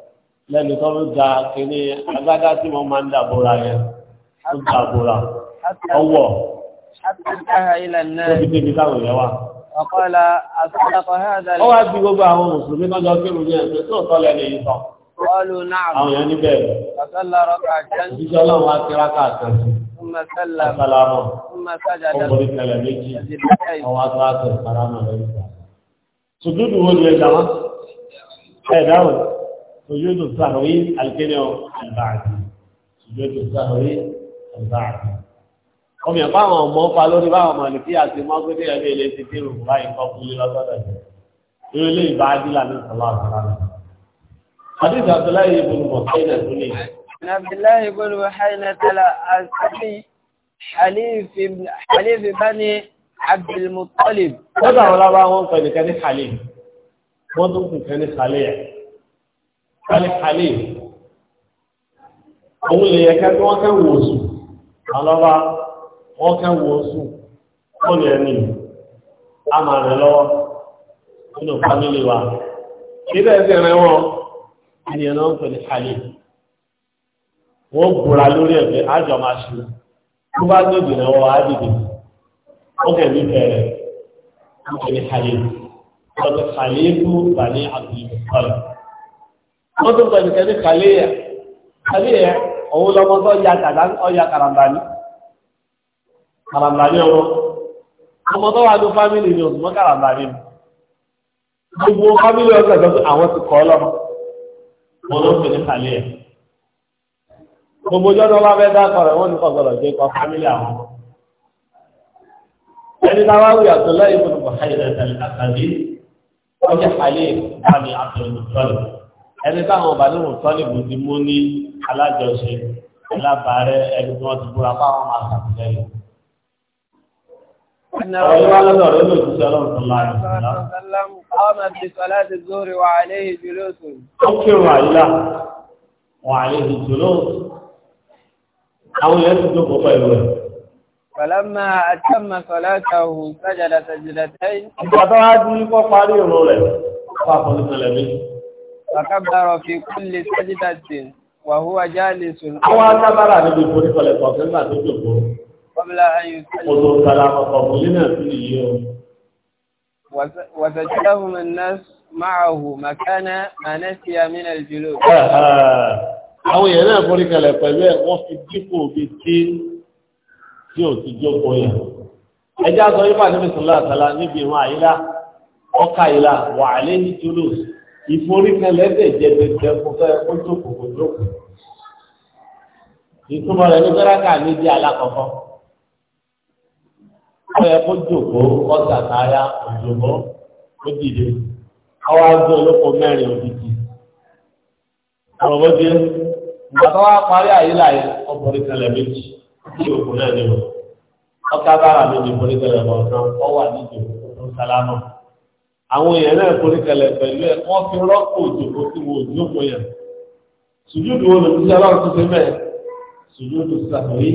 Ọ̀kọ́lá àtúntàkọ̀ hẹ́ẹ̀dà lè. Ó wá bí gbogbo àwọn Mùsùlùmí lọ́jọ́ kírù ní ẹ̀sẹ̀ tó tọ́lẹ̀ lè yìí sọ. Ọlù náà. Àwọn èèyàn níbẹ̀. Àtọ́lá rọ́kà jẹ́. Ìjíṣẹ́ ọlọ́run á kíra káàkiri. Súnmọ́ sẹ́lá. Àtàlámọ̀. Súnmọ́ sájà dẹ́rù. Ó borí tẹ̀lẹ̀ méjì. Àwọn atúwàtò ìparamọ̀ lẹ́yìn. Sùdúdù wo ni ẹ jàmá? Ẹ dáhùn. Sùdúdù sàròyìn alkẹ́ni ọ̀ àlbàdì. Sùdúdù sàròyìn àlbàdì ọmọ ẹ̀fọ́ àwọn ọmọ ọ̀fà lórí báwọn ọmọ ẹ̀lẹ́fí àti mọ́gbédé ẹ̀mí ilé ti dé òun báyìí kọ́ fún yín lọ́sọ̀dọ̀ jẹ́ ilé ìbá adílà ní sọlá àtàrà rẹ̀. حديث عبد الله بن بحينة بني عن عبد الله بن بحينة الأسدي حليف حليف بني عبد المطلب هذا ولا باهم فإن كان حليف وضم كان خليع قال حليف òun lè yẹ kẹ́kẹ́ wọ́n kẹ́ wọ́n kẹ́wọ́ oṣù wọ́n lè ní àmàrẹ lọ́wọ́ nínú fámílì wa ilé ẹ̀sẹ̀ rẹ̀ wọ́n ènìyàn náà ń pè ní kàlẹ́ wọ́n gbúra lórí ẹ̀fẹ́ àjọ máa ṣe tó bá tó dìnnà wọ́n á dìde wọ́n kẹ̀lé bẹ̀rẹ̀ wọ́n pè ní kàlẹ́ wọ́n ti kàlẹ́ kú bà ní àbúrò ọ̀rọ̀ wọ́n tó pẹ̀lú àràlàyé ọ̀rọ̀ ọmọ tó wà ní fámìlì ni òsùnmọ́ kàràlàyé ni gbogbo fámìlì ọ̀sẹ̀ tó àwọn ti kọ́ lọ́mọ wọn ló fi ní kàlẹ́ ẹ̀ gbogbo jọ́dọ̀ bá fẹ́ dákọ̀ rẹ̀ wọ́n ní kọ́ gbọ́dọ̀ jẹ́ kọ́ fámìlì àwọn ẹni táwa wù yàtọ̀ lẹ́yìn fún ọkọ̀ ṣáyẹ̀dẹ̀ tẹ̀lé àtàlí ọjọ́ kàlẹ́ àmì àtọ̀lùmọ̀tọ́lù ẹni táwọn ọba ní mọ̀tọ́lù bù ti mú ní alájọṣe alábàárẹ̀ ẹni tí wọ́n ti búra fáwọn máa ṣàtìlẹ́yìn قام بصلاة الظهر وعليه جلوس أكرم الله وعليه الجلوس أو يسجد غيره فلما أتم صلاته سجد سجدتين فكبر في كل سجدة وهو جالس أو كبر Kòtò sàlámù ọ̀pọ̀ nínú ẹ̀sìn yìí o. Wàtàjáhùn nọ́ọ̀sì máa hù màkánà mànẹ́sì àmìnà ìjùlọ. Àwọn èèyàn náà forí kalẹ̀ pẹ̀lú ẹ̀ wọ́n fi dípò bí tí tí ò ti jókòó yẹn. Ẹjẹ́ àtọ́ yípa níbi sọ̀lá àtàlà níbi ìwọ̀n àyílá, ọkà ìlà wà á lé ní jùlọ. Ìforí kalẹ̀ dẹ̀ jẹ́ dẹ̀dẹ̀ fún fẹ́ kó jókòó kó jókòó. Ìtumọ̀ rẹ̀ ní Bẹ́ráka ní di alákọ̀ọ́kọ́ ọyẹ kó jòkó ọjà náírà òjòkó ó dìde àwọn agbó olóko mẹ́rin òdìdì ọ̀rọ̀mọdé ìgbà tó wá parí àyílà yẹn ọkùnrin tẹ́lẹ̀ méjì sí òkú náà ni wọn ọkà bára mi ní ìforí tẹ́lẹ̀ mọ ọdún ọ wà ní ìjòkó tó ń sálámà àwọn èèyàn náà ìforí tẹ́lẹ̀ pẹ̀lú ẹ wọn fi rọpò òjòkó sí wọn òjòkó yẹn sùjúdù wọn lòdì sí Ọlọ́run tó ṣe bẹ́ẹ̀ sùjúdù sàkóyí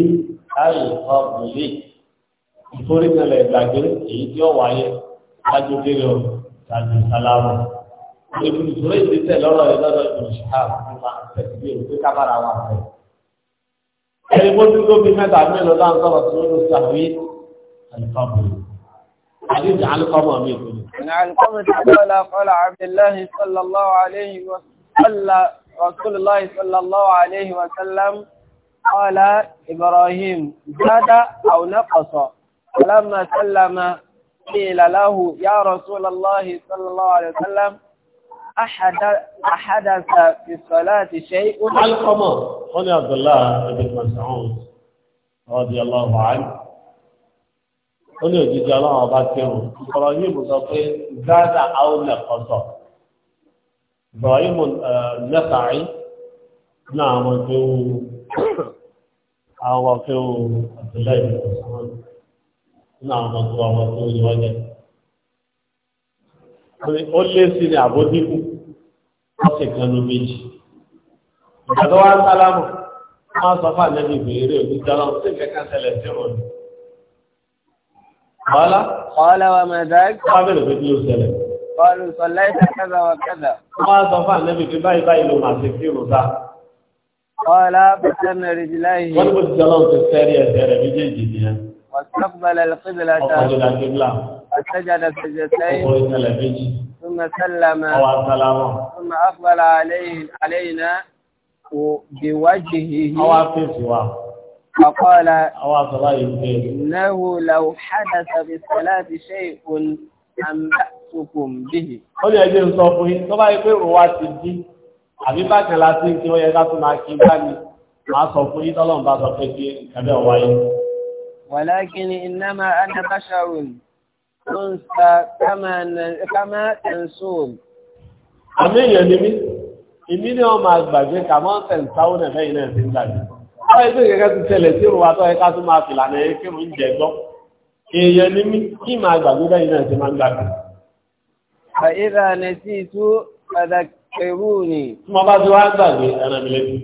ìforíkalẹ̀ ìgbàgbé èyí tí ó wáyé lájú kéré o tàbí sálámù. Ibi ìṣòro ìdílé lọ́rọ̀ yìí lọ́dọ̀ ìṣòro nípa tẹ̀síbí òkú kábàrà wà fẹ́. Ẹni bó dúró bí mẹ́ta mélòó náà sọ̀rọ̀ tí ó ló sàwí àlùfáàbù. Àdéhùn àlùfáàbù mi kò ní. Ìnà àlùfáàbù ti kọ́lá kọ́lá Abdullahi sallallahu alayhi wa Ibrahim zada aw naqasa. فلما سلم قيل له يا رسول الله صلى الله عليه وسلم أحد أحدث في الصلاة شيء القمر قال عبد الله بن مسعود رضي الله عنه قال يجي الله باكر إبراهيم صفي زاد أو نقص إبراهيم النخعي نعم تو أو تو عبد الله بن مسعود nínú àwọn ọmọ tó ọmọ tó yọ ọjẹ ó lé sí ní àbódínkù ọ̀sẹ̀ kan ló méjì ìgbàdo wa sálámù wọn sọ fún àlẹ́ bíbí eré òkúta lọ sí kẹ̀kẹ́ ṣẹlẹ̀ sí òun. Bọ́lá. Bọ́lá wa mẹ́tàk. Wọ́n bẹ̀rẹ̀ pé kí ló ṣẹlẹ̀. Bọ́lá sọ̀lá ìta kẹ́dà wa kẹ́dà. Wọ́n sọ fún àlẹ́ bíbí báyìí báyìí ló máa ṣe kí òun sá. Bọ́lá bẹ̀rẹ̀ mẹ́rin jìlá yìí. Wọ́n ní mo ti jọ واستقبل القبلة وسجد القبلة وسجد سجدتين وقول النبي ثم سلم وسلام ثم أقبل عليه علينا بوجهه فقال إنه لو حدث بالصلاة شيء أنبأتكم به. قل يا جن صوفه طبعا يقول رواتي دي àbí bákan láti ń kí wọ́n yẹ ká tún máa kí bá mi ولكن إنما أنا بشر أنثى كما كما تنسون àmì يا نبي. mí ìmí ما wọn máa gbàgbé kàmọ́ǹtẹ̀n táwọn ẹ̀fẹ́ iná ẹ̀sìn gbàgbé báyìí tó kẹ̀kẹ́ ti tẹ̀lẹ̀ sí òun àtọ́ ẹ̀ka tó máa fìlànà ẹ̀ kí òun jẹ gbọ́ èèyàn ni mí kí máa gbàgbé bẹ́ẹ̀ iná ẹ̀sìn máa ń gbàgbé. àìrà nẹtí tú pàtàkìrú ni. mo bá ti wá gbàgbé ẹran mi létí.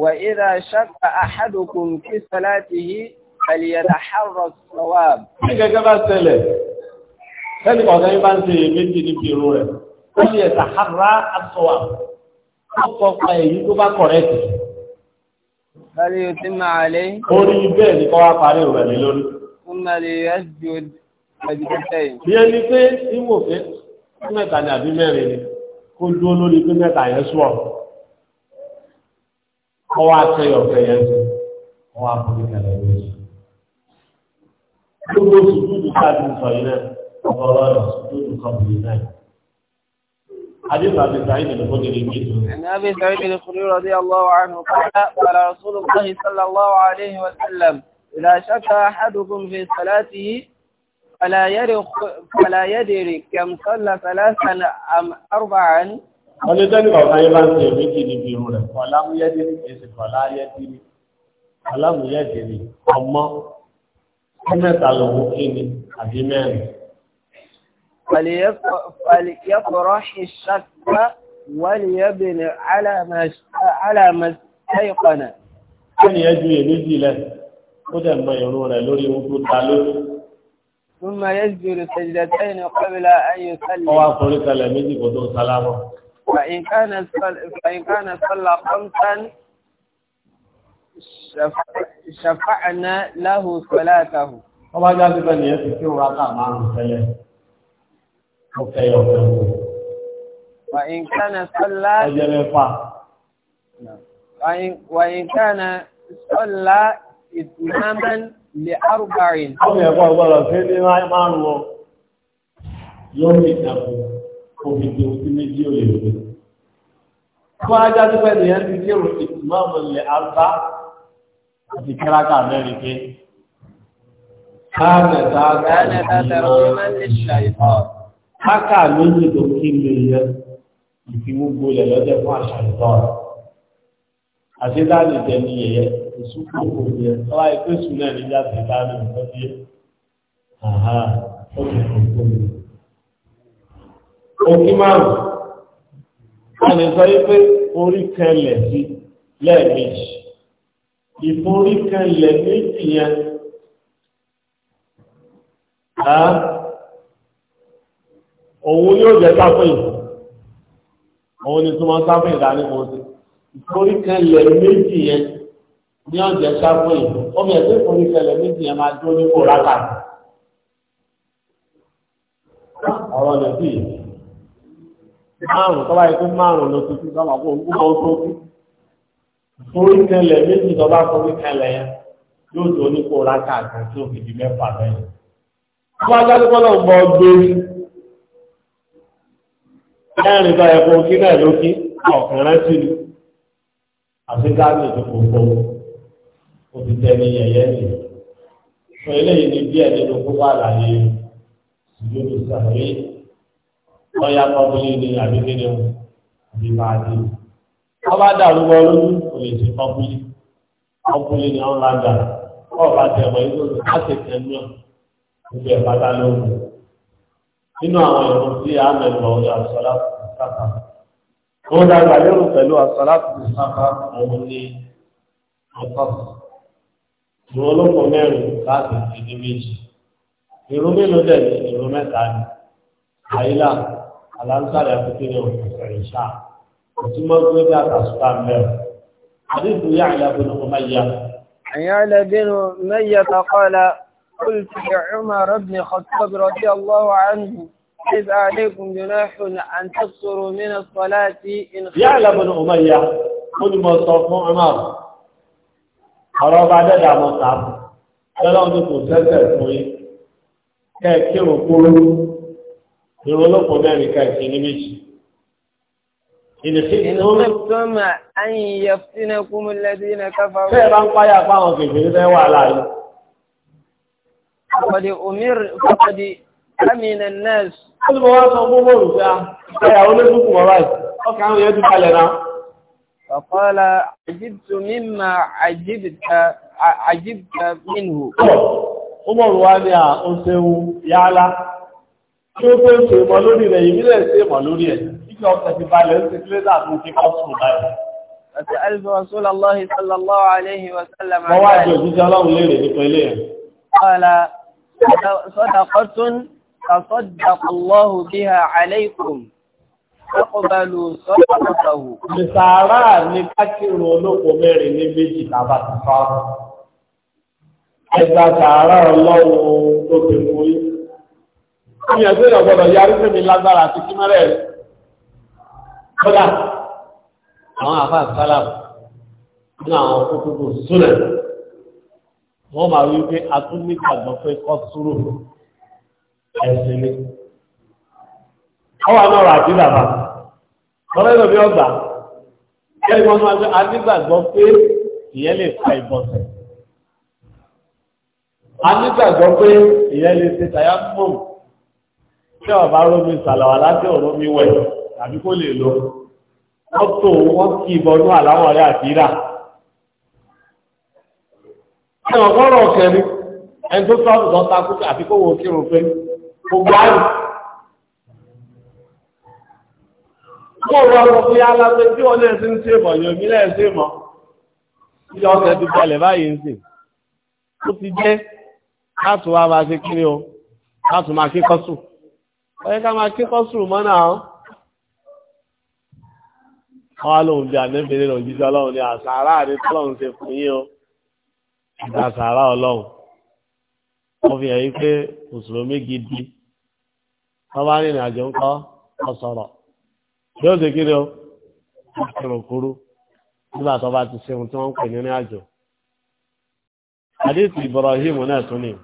wà ìrà ṣàkà àhádùkùn kí sọláàtì yìí àlìyàtà harrod sọwab. ní gẹ́gẹ́ bá ṣẹlẹ̀ sẹ́ni kọ̀ọ̀kan yín bá ń ṣe méjì níbi irun rẹ̀ àlìyàtà harrod sọwab ó kọ́ pa èyí tó bá kọ̀rẹ́tì. Bari o ti máa lé. Orí bẹ́ẹ̀ ni kọ́ wá parí rẹ̀ ní lórí. Ó máa lè yájú ẹbí tẹ́tẹ́ yìí. Bí ẹni pé ìwò pé mẹ́ta ni àbí mẹ́rin ni kó dúró lórí pé mẹ́ta yẹn sùọ̀. Kọ́ wá fẹ́ yẹn sùn. Kọ́ wá fún mi kẹlẹ́ lórí gbogbo sùkúrù káàdì sọ yìí náà ọkọ ọlọ́rọ̀ sùkúrù kọbù yìí náà. حديث أبي سعيد الخدري عن أبي سعيد الخدري رضي الله عنه قال قال رسول الله صلى الله عليه وسلم إذا شك أحدكم في صلاته فلا يدري فلا يدري كم صلى ثلاثا أم أربعا ولذلك أبي بن سعيد الخدري فلم يدري فلا يدري فلم يدري أما fún mẹ́ta lòun kí ni àbí mẹ́rin. فليفرح الشك وليبن على ما على ما استيقن. كان يجري يجري له قدم ما يرون لوري وجود تعلم ثم يسجد سجدتين قبل أن يسلم وأقول كلامي بدون سلامه فإن كان فإن كان صلى خمسا ṣàfàánà láhù sọ́látàhù. Wọ́n bá já síbẹ̀ nìyẹn ti kí òun rákà márùn-ún tẹ́lẹ̀. Ó kẹyọ̀ pẹ̀lú. Wà in kánà sọ́lá. Ọjọ́ mẹ́fà. Wà in kánà sọ́lá ìtùnámán lè arúgbárin. Ó yẹ kó ọgbọ́dọ̀ sí ní márùn-ún yóò fi ìdàpọ̀ òfin tí ó ti méjì ò Wọ́n á já síbẹ̀ nìyẹn ti kí òun ìtùnámán lè arúgbárin àti kíráàkà mẹ́rin pé káàmẹ̀ta káàkà méjì tó kí lè yẹ ìfimúgbò lẹ̀ lọ́jẹ́ fún àṣà ìtọ́ rẹ̀ àti dáàlì jẹ ní yẹyẹ ìsúkú kò yẹ ọlá ìpè sùn náà níjà sí dáàlì nǹkan bí aha ó ti kò tó lè. òkè márùn-ún a lè sọ wípé orí kẹlẹ̀ sí lẹ́ẹ̀mejì ìforíkẹlẹ̀ méjì yẹn á òun yóò jẹ́ sáfẹ́yìn òun ni túnmọ̀ sáfẹ́yìn dání kan sí méjì yẹn ní ọ̀jẹ̀ sáfẹ́yìn ọmọ ẹ̀sẹ̀ ìforíkẹlẹ̀ méjì yẹn máa dúró ní kòrákà ọ̀rọ̀ lè márùn-ún tọ́wáyé márùn lọ sí sí sọ́mọ̀ kó ń kú orí kẹlẹ̀ méjì tó bá kọ orí kẹlẹ̀ yẹn yóò tó onípo rákà kan tí ó fi di mẹ́fà lẹ́yìn. wọ́n á dájú kọ́nà gbọ́ gbé mẹ́rin tó ẹ̀kọ́ kí náà ló kí ọ̀kẹ́rẹ́ sí ni àti gáàsì tó kò kó o ti tẹ̀lé yẹ̀yẹ́ ni. sọ eléyìí ni díẹ̀ nínú gbogbo àlàyé ìlú sàrẹ́ ọ̀yà tọ́bílì ni àbíkẹ́ni àbí máa dé ọba dàrúgbọ lójú kò lè ṣe ọkùnrin ọkùnrin ni wọn lágbà ọba tẹmọ inú rẹ láti tẹnu ìlú ẹ̀fátá lóhùn nínú àwọn ẹ̀rọ tí a mẹ́lọ ọ̀dọ̀ àṣọlá sáfà ó dàgbà lérò pẹ̀lú àṣọlá sáfà òun ní ọkọ̀ ìwọ olóko mẹ́rin láti ìdí méjì ìrú mélòó dẹ̀ ní ìrú mẹ́ta ni àyílà àlàńsàrẹ̀ àti kíni ọ̀sẹ̀ ìṣáà ìtumọ̀ gbẹ́gbẹ́ àtàsùpá mẹ́rin àdínkù yà àyàbọ̀ ní ọmọ yá. عيال بن أمية قال قلت لعمر بن الخطاب رضي الله عنه ليس عليكم جناح أن تقصروا من الصلاة إن يعلى بن أمية قل ما صفوا عمر ọ̀rọ̀ ọba dẹ́dà mọ́ sàbù lọ́lọ́run ní kò tẹ́tẹ̀ fún yín kẹ́ẹ̀kí òkúrú ìrọlọ́pọ̀ mẹ́rin kẹ́ẹ̀kí ní méjì ìnìkí tó mà áyìn yẹ sínú kúmú lẹ́dí iná káfà. ṣé ẹ bá ń páyà fáwọn kékeré fẹ́ wà láàyè. fàkọ̀dì omir fàkọ̀dì amina nurse. ó ti mọ wá sọ fún wa ẹ̀yà àwọn yẹn ti kalẹ̀ náà. فقال ń ṣe mọ̀ lórí rẹ̀, ìbílẹ̀ ṣe mọ̀ lórí ẹ̀ tí ọkọ̀ ti balẹ̀ ó ti kílé láàfin kí kọ́ sùn báyìí. Àti Alifu Rasulullahi sallallahu alayhi wa sallam. Wọ́n wá jẹ́ òjíṣẹ́ ọlọ́run léèrè nípa ilé yẹn. Ọ̀la sadaqatun tasaddaqa Allahu biha alaykum. Aqbalu sadaqatahu. Ìsàárà ni kákìrún olóko mẹ́rin ní méjì tàbá ti fa. Ẹgbà sàárà ọlọ́run tó fi mú yí. Ó yẹ kí ìyàgbọ́dọ̀ yarí fún mi lágbára àti kímẹ́rẹ́ kọ́lá àwọn àfáà sálà nínú àwọn kókókó súnlẹ̀ wọ́n máa wí pé a tún nígbàgbọ́ pé kọ́ súrò ẹ̀sìn ni. ọwọ́ náà rà sí bàbá lọ́rẹ́ lómi ọgbà kẹ́lí wọn máa ń pẹ́ a nígbàgbọ́ pé ìyẹn lè fa ìbọ̀sẹ̀. a nígbàgbọ́ pé ìyẹn lè ṣe tàyà mọ́ọ̀mù tí ọ̀bá rómi sàlàwà láti òrómi wẹ̀ tàbí kó lè lọ wọ́n tó wọ́n kí ìbọnú àláwọ̀ rẹ̀ àti ìrà ní ọgọ́rọ̀ ọ̀kẹ́ ni ẹni tó tọ́ ọ̀dọ́ ta kú àfi kó wo kírun pé gbogbo àrùn mo rọ ọmọ fún yá tí wọ́n náà ti ń ṣe mọ̀ yóò mí náà ṣe mọ̀ ìjọ ọ̀sẹ̀ ti bẹ̀lẹ̀ báyìí ń sìn ó ti jẹ́ láti wá máa ṣe kiri o láti máa kíkọ́ sùn ọ̀yẹ́ máa kíkọ́ sùn mọ́ náà wọ́n á lóun bí ànẹ́bìnrin lọ jíjọ ọlọ́run ní àsàrà àti tọ́lọ́run ṣe fún yín o àsàrà ọlọ́run wọ́n fi hàn yín pé mùsùlùmí gidi wọ́n bá rìnrìn àjò ńkọ́ ọ̀sọ̀rọ̀ yóò ṣe kí ni o kúròkúrú nígbà tó bá ti ṣe ohun tí wọ́n ń pè ní rìn àjò. àdéhùn Ibrahim náà tún nìyí.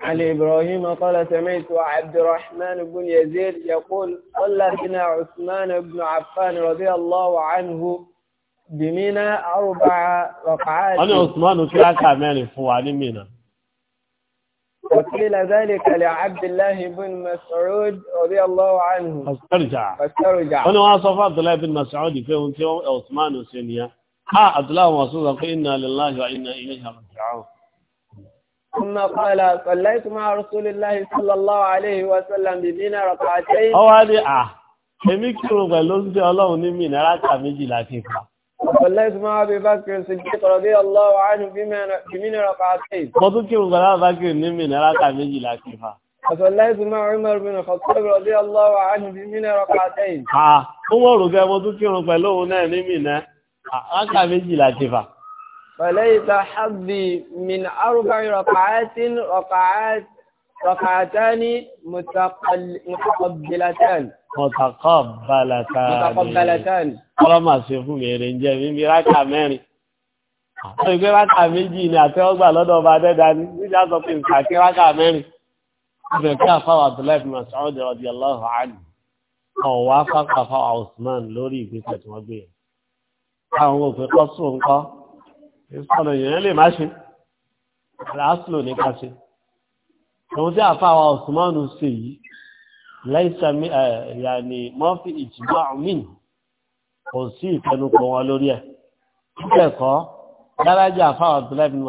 عن إبراهيم قال سمعت عبد الرحمن بن يزيد يقول صلى بنا عثمان بن عفان رضي الله عنه بمنى أربع ركعات أنا عثمان كلاك هو فواني منى وقيل ذلك لعبد الله بن مسعود رضي الله عنه فاسترجع فاسترجع أنا وصف عبد الله بن مسعود في عثمان وسنية ها عبد الله وصف إنا لله وإنا إليه راجعون ثم قال صليت مع رسول الله صلى الله عليه وسلم بمنى ركعتين او هذه اه èmi kírun pẹ̀lú oúnjẹ ọlọ́run ní mìíràn rákà méjìlá kí n fa. ọ̀pọ̀lẹ́ tí máa bí bákìrì sí jẹ́ tọ̀rọ̀dé ọlọ́run àánú bímínà rọ̀kà àti. mo tún kírun pẹ̀lú bákìrì ní mìíràn rákà méjìlá kí n fa. ọ̀pọ̀lẹ́ tí máa rí mẹ́rin bínú kọ̀tọ́rọ̀dé ọlọ́run àánú bímínà rọ̀kà àti. ah ó wọ̀rùn kẹ́ mo tún kírun pẹ̀lú òun náà ní mìíràn rákà méjìlá kí n fa. فليس حظي من أربع ركعات ركعات ركعتان متقل متقبلتان متقبلتان متقبلتان ọlọ́mà ṣe fún èrè ń jẹ́ mímí rákà mẹ́rin àwọn ìgbé rákà méjì ni àtẹ́wọ́gbà lọ́dọ̀ ọba dẹ́dà ní níjà sọ pé nǹkan kí rákà mẹ́rin ibẹ̀ kí àfáwà abdullahi ìsọ̀rọ̀ yẹn lè má ṣe rásìlò ní ká ṣe òun tí àfa àwọn ọ̀sùnmọ́nù ṣe yìí lẹ́sà yàní mọ́fì ìjìmọ́ àmìn kò sí ìfẹnukò wọn lórí ẹ̀ kíkẹ́kọ̀ọ́ dárájà àfa àwọn abdullahi bin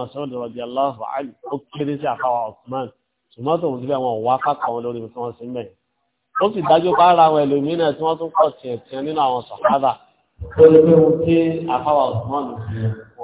ó sì dájú pa ara àwọn ẹlòmíràn tí wọ́n tún pọ̀ tiẹ̀ tiẹ̀ nínú àwọn sọ̀kádà tó lè pé ohun tí àfáwà ọ̀sùnmọ́nù fi hàn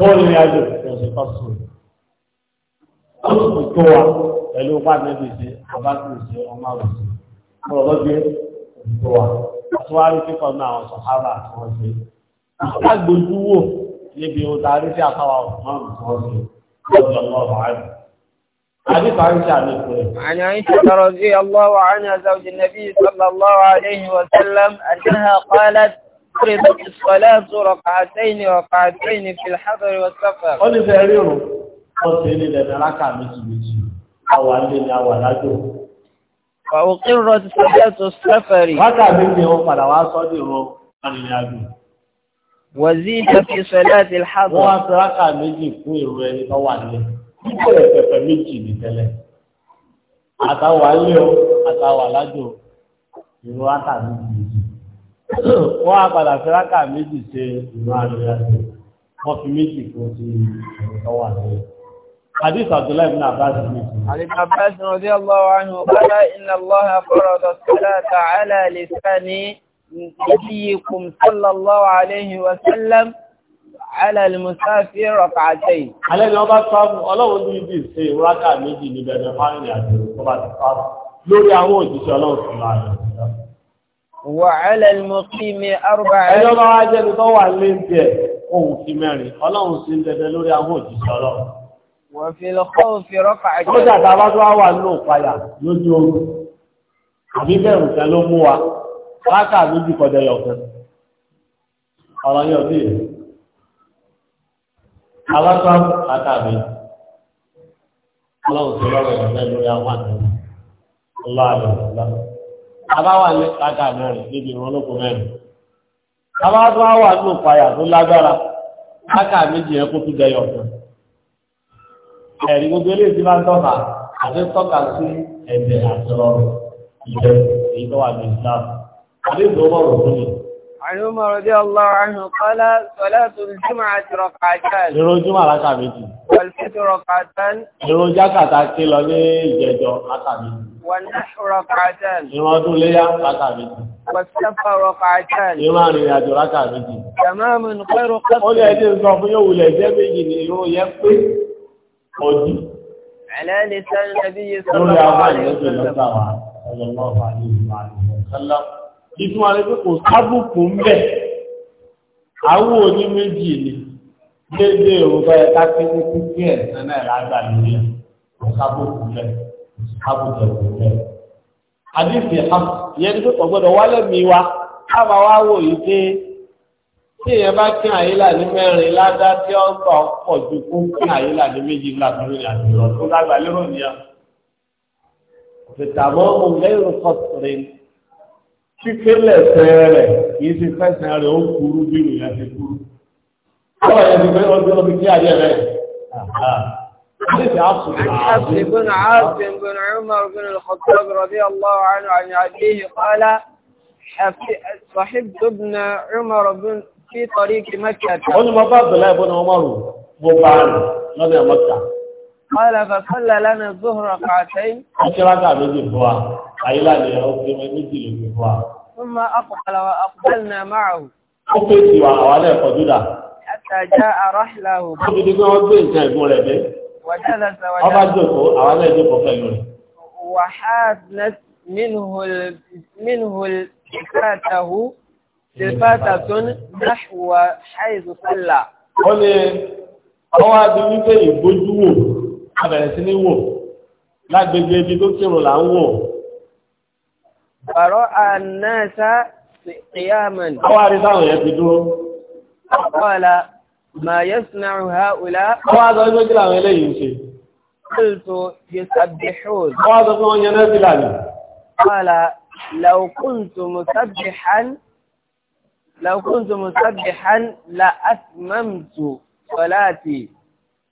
bọ́ọ̀lù ní àjò ìṣẹ̀ṣẹ̀ fásitì ọlọ́pù tó wa pẹ̀lú pàtẹ́bí sí abákùn sí ọmọ àwùjọ ọ̀rọ̀ lọ́gbẹ́ tó wa àtúwárí kíkọ́ náà àwọn sọ̀hárà tí wọ́n ṣe àgbójú wò níbi òdarí sí àtàwà ọ̀sán tí wọ́n ṣe lọ́jọ́ lọ́rọ̀ àjò حديث عائشة عن عائشة رضي الله عنها زوج النبي صلى الله عليه وسلم أنها قالت فرضت الصلاة ركعتين ركعتين في الحضر والسفر ó ní fẹ́ rí òun wọ́n ti rí lẹ́nu aláka méjì méjì àwa lé ní àwa lájò. وأقرت صلاة السفر wákà méjì wọn padà wá sọ́dọ̀ ìrọ̀ arìnrìn àjò. وزيد في صلاة الحضر wọ́n á sọ rákà méjì fún ìrù ẹni tó wà nílẹ̀ nígbà ní wọ́n á padà fi rákà méjì ṣe ìran àríyá sí wọ́n fi méjì fún ti ọwọ́ àríyá. حديث عبد الله بن عباس عن ابن عباس رضي الله عنه قال إن الله فرض الصلاة على لسان نبيكم صلى الله عليه وسلم على المسافر ركعتين. على ni wọ́n bá sáfù ọlọ́run ní ibi ìṣe ìwúrákà méjì níbẹ̀ ní fáìlì àti ìṣọ́bà ti sáfù lórí àwọn òjíṣẹ́ ọlọ́run sì máa yọ wàhálà ìmọ̀kí mi arúgbà ẹ̀. ẹjọ́ bá wá jẹ́ ibi tó wà léńtì ẹ̀ ohun ti mẹ́rin ọlọ́run sí ń dẹdẹ lórí àwọn òjìṣẹ́ ọlọ́run. wọ́n fi lọ́kọ́ òfin rọ́pà àjọ. ó dàgbà bá tó wá wà nínú ìpayà lójú oorun àbí bẹ́ẹ̀rù kan ló mú wa láàkà lójú kọjá yọ̀kan. ọ̀rọ̀ yóò bí i. aláṣọ àtàbí ọlọ́run sí lọ́rọ̀ ìrọ̀lẹ́ lórí àwọn àtàbí abáwà ní padà mẹ́rin níbi ìran ológun mẹ́rin abáwà wà ní òpayà tó lágbára káka méjì yẹn kó tún jẹyọ ọ̀sán ẹ̀rí gbogbo eléyìí ti máa ń tọ́ka àti tọ́ka sí ẹ̀jẹ̀ àti ọrọ̀ ìjẹ èyí tó wà ní Islam àbí ìdánwò ọ̀rọ̀ fún mi. عن عمر رضي الله عنه قال صلاة الجمعة ركعتان. ìrun jùmọ̀ àlákà méjì. والفجر ركعتان. ìrun jákàtà kí lọ ní ìjẹjọ àkà méjì. والنحر ركعتان يوادو ليا ركعتين والسفر ركعتان يوان يا جو ركعتين تمام غير قصر قول يا دي سو فيو ولا جبي ني يو يبي ودي على لسان النبي صلى الله عليه وسلم صلى الله عليه وسلم ìtumọ̀ rẹ̀ pé kò sábùkù ń bẹ̀ àwọn òní méjì ni déédéé òun bá yẹ ká kí ní kí kí ẹ̀ sẹ́nẹ̀ lágbàá nílẹ̀ kò sábùkù ń bẹ̀ àbùtọ̀ kò tẹ̀. àdìsí àpò ìyẹn tó kọ̀ gbọ́dọ̀ wálé mi wa káàbà wá wò yìí pé tí èèyàn bá kí àyílà ní mẹ́rin ládá tí ó ń gbà pọ̀ ju kó kí àyílà ní méjì lábẹ́rẹ́ àjùlọ tó lágbà lérò nìyẹn. ìtàmọ́ mo lẹ́rù kọ́sìrín kíkélẹ̀ fẹ́ẹ̀rẹ̀ kì í ti fẹsẹ̀ rẹ̀ ó kúrú bí nìyẹn kúrú. báwo ni ẹni pé ọdún ọdún kí ayé rẹ̀ حديث بن عاصم بن عمر بن الخطاب رضي الله عنه عن أبيه قال صحبت ابن عمر بن في طريق مكة قل ما بعض لا ابن عمر مبعان نبي مكة قال فصلى لنا الظهر ركعتين أشراك بيجي فوا أيلا لأوكي ما بيجي فوا ثم أقبل وأقبلنا معه أوكي سوا أولا فجدا حتى جاء رحله. ما ọba jòkó àwọn alẹ́ jòkó pẹ̀lú rẹ̀. wàhálà minhul ìfàtàhù ìfàtàtún náhùwà ṣáìsù sálà. ó ní ọwọ́ adi wípé ìbójúwò abẹ̀rẹ̀ sí ní wò lágbègbè ibi tó kírun là ń wò. Bàrọ̀ àná sá ìyá mẹ́rin. Àwọn àrísàwọn yẹn ti dúró. Àwọn àlà. ما يصنع هؤلاء وهذا الرجل عن إليه شيء قلت يسبحون وهذا الرجل عن قال لو كنت مسبحا لو كنت مسبحا لأتممت صلاتي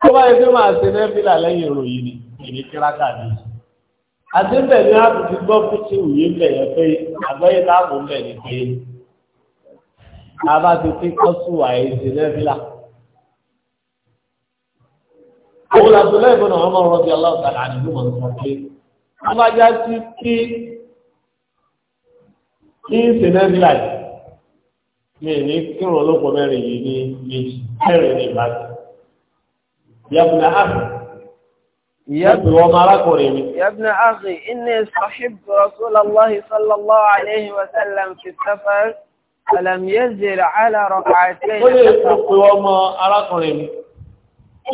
tó bá yẹ pé máa ṣe nẹ́fìlà lẹ́yìn ìròyìn ni ìní kíráka ni àti ń bẹ̀ ní àtúntí gbọ́ fíṣì wùyé ń bẹ̀ pé àgbẹ̀yẹ táàbù bẹ̀ ní pé a bá ti fi kọ́sùwà ẹ̀ ṣe nẹ́fìlà. Àwọn Abdullahi ibn Umar radiyallahu ta'ala anhu mọ̀ sọ pé wọ́n bá já sí kí kí n sì náà nílà yìí. Mi ní kírun olóko mẹ́rin yìí ní méjì mẹ́rin ní ìbáṣe. Yabna akhi. Yabna ọmọ arákùnrin mi. Yabna akhi, inni sahibtu Rasulallahi sallallahu alayhi wa sallam fi safar, alam yazir ala rak'atayn. Ó lè fi ọmọ arákùnrin mi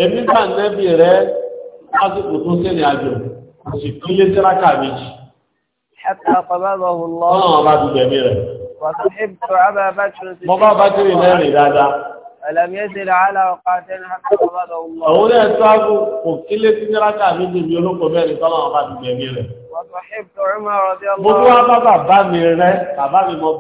èmi bá nẹ́bí rẹ lásìkò tó sẹ́ni àjò kò sì tún lé síráka méjì. Ẹ̀ka àpàbàbọ̀ lọ. Ọlọ́run ọba ti gbẹ̀mí rẹ̀. Mo bá bá tẹ̀lé mẹ́rin dáadáa. Ẹ̀lẹ́mí ẹ̀sẹ̀ rẹ̀ àlà ọ̀pá tẹ́lẹ̀ ẹ̀ka àpàbàbọ̀ lọ. Òun náà sáàbù kò kí lé sí síráka méjì bí olóko mẹ́rin tọ́lọ́run ọba ti gbẹ̀mí rẹ̀. Mo tún wá bá bàbá mi rẹ, bàbá mi mo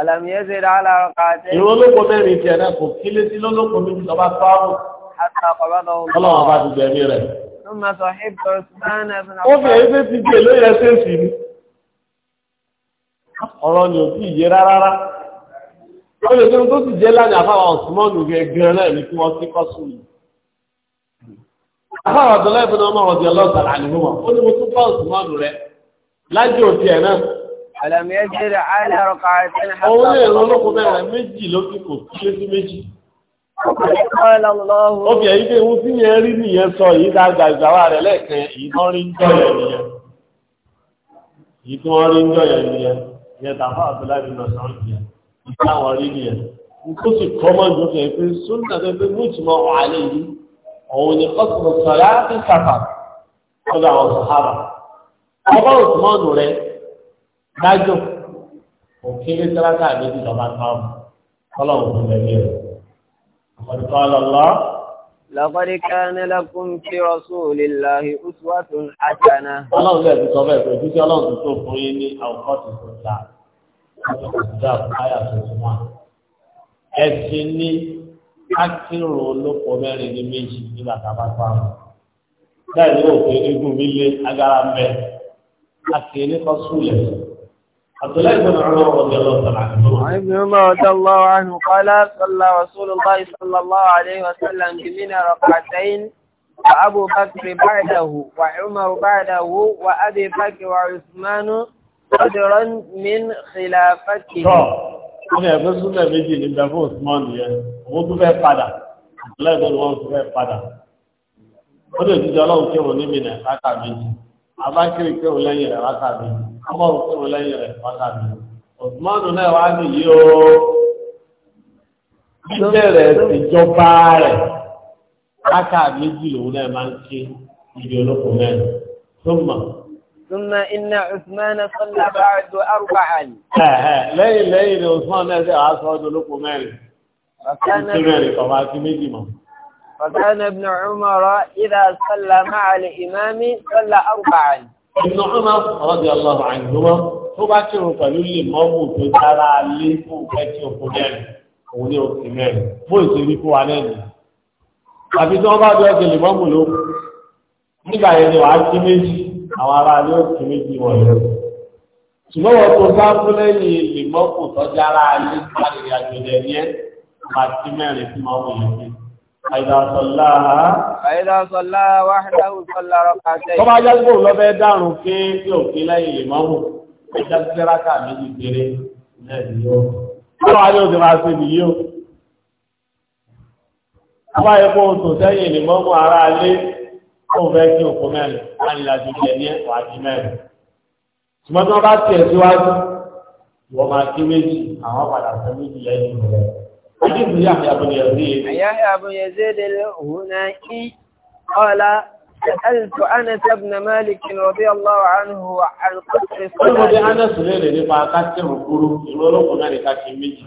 Àlàmìyẹ ṣe rà á lára ká jẹ́. Ìwọ olóko mẹ́rin tiẹ̀ náà kò kí lé sí lọ́lọ́kọ méjì lọ́ba tó àrùn. Àtà bàbá lọ. Ọlọ́run bá ti gbẹ̀mí rẹ̀. Ó máa sọ Hebron Sùdánù ẹ̀sìn náà. Ó fi èyí ṣe ti gbé lóye ẹsẹ̀ sí ni. Ọ̀rọ̀ ni ò tí ì yé rárá. Wọ́n lè tó sì jẹ́ lánàá àfáwọn ọ̀sùnmọ́nù gẹ̀gẹ̀rẹ̀ náà ní kí wọ́n sí kọ́sùn yìí. Àfáwọn ọ̀dọ́lá ìbùdó ọmọ ọ̀dọ́ Àlàmì ẹ jẹ́ rẹ̀ àìlẹ́rọ̀ kàrẹ́tẹ́ni. Òun lè rán lókun bẹ̀rẹ̀ méjì lókè kò kí lé sí méjì. Obì ẹ̀yí pé ohun tí yẹn rí nìyẹn sọ yìí dàgbà ìgbàwà rẹ̀ lẹ́ẹ̀kan èyí tó wọ́n rí ń jọyọ̀ nìyẹn. Ìyẹn tàbá lájò òkèlè sáràkà àdébí lọ́ba káwọn kọ́lọ́wọ́ fún ẹgbẹ́ rẹ̀ ọ̀pọ̀lọpọ̀ kọ́lọ́lọ́. لقد كان لكم في رسول الله أسوة حسنة. الله لا تكفر فيك الله تكفرني أو قتل الله. قتل آية سبحان. أسني أكثر لكم من ميش إلى تبصر. لا يوجد إبن ملي أجرام به. أكثر قصولة. عبد الله بن عمر رضي الله عنه عنه قال صلى رسول الله صلى الله عليه وسلم بمنى ركعتين وابو بكر بعده وعمر بعده وأبي بكر وعثمان قدرا من خلافته. wọ́n yẹ fẹ́ súnlẹ̀ méjì ní bẹ́ẹ̀ fún Usman yẹn owó tó fẹ́ padà ìpínlẹ̀ tó wọ́n tó fẹ́ padà ó lè jíjọ ọlọ́run kí òun níbi nàìjíríà méjì abákiri kí òun lẹ́yìn rẹ̀ rákà ọmọ òkúrò lẹ́yìn rẹ̀ pàtàkì ọ̀tùmọ́nù náà wá ní yí o jíjẹ́ rẹ̀ ìjọba rẹ̀ káka méjì lòun náà máa ń ké ibi olókùn mẹ́rin tó mọ̀. ثم إن عثمان صلى بعد أربعا. لين لين عثمان نزل عصر لكم مالك. فكان فكان ابن عمر إذا صلى مع الإمام صلى أربعا ìnà ọmọ ọ̀rọ̀dì ọlọ́run àìgbọ́mọ́ tó bá kírun pẹ̀lú lè mọ́mù tó dára lé fún ẹ tí o kò mẹ́rin òun ní òkè mẹ́rin bó ìṣèlú fún wa lẹ́nu. àbí tí wọ́n bá jọ ṣe lè mọ́mù ló nígbà yẹn ni wàá kí méjì àwọn ará ilé òkè méjì wọ̀ yẹn. ṣùgbọ́n wọn tó bá kú lẹ́yìn lè mọ́mù tó dára lé fún àlejò àjọyọ̀ yẹn àìdá sọ̀láà àìdá sọ̀láà wáhídáhù sọ̀lá rọ́kàtẹ́ tó bá jágbó lọ́bẹ́ dárùn kí tí ò kí lẹ́yìn lè mọ́mù ẹjá síráka méjì péré lẹ́yìn yóò wọ́n wáyé òsì máa ṣe nìyí o àwọn ẹ̀kọ́ oṣù sẹ́yìn lè mọ́mù ara alé ó fẹ́ kí òkú mẹ́rin láìlájú jẹ ní ẹ̀kọ́ àti mẹ́rin ṣùgbọ́n tí wọ́n bá tiẹ̀ síwájú ìwọ̀n máa kí méjì àwọn padà sọ méjì lẹ́yìn rẹ̀ حديث يحيى بن يزيد يحيى بن يزيد الهنائي قال سألت أنس بن مالك رضي الله عنه عن قصر الصلاة. أنس غير رفاقات الركوع يقولون هناك كمية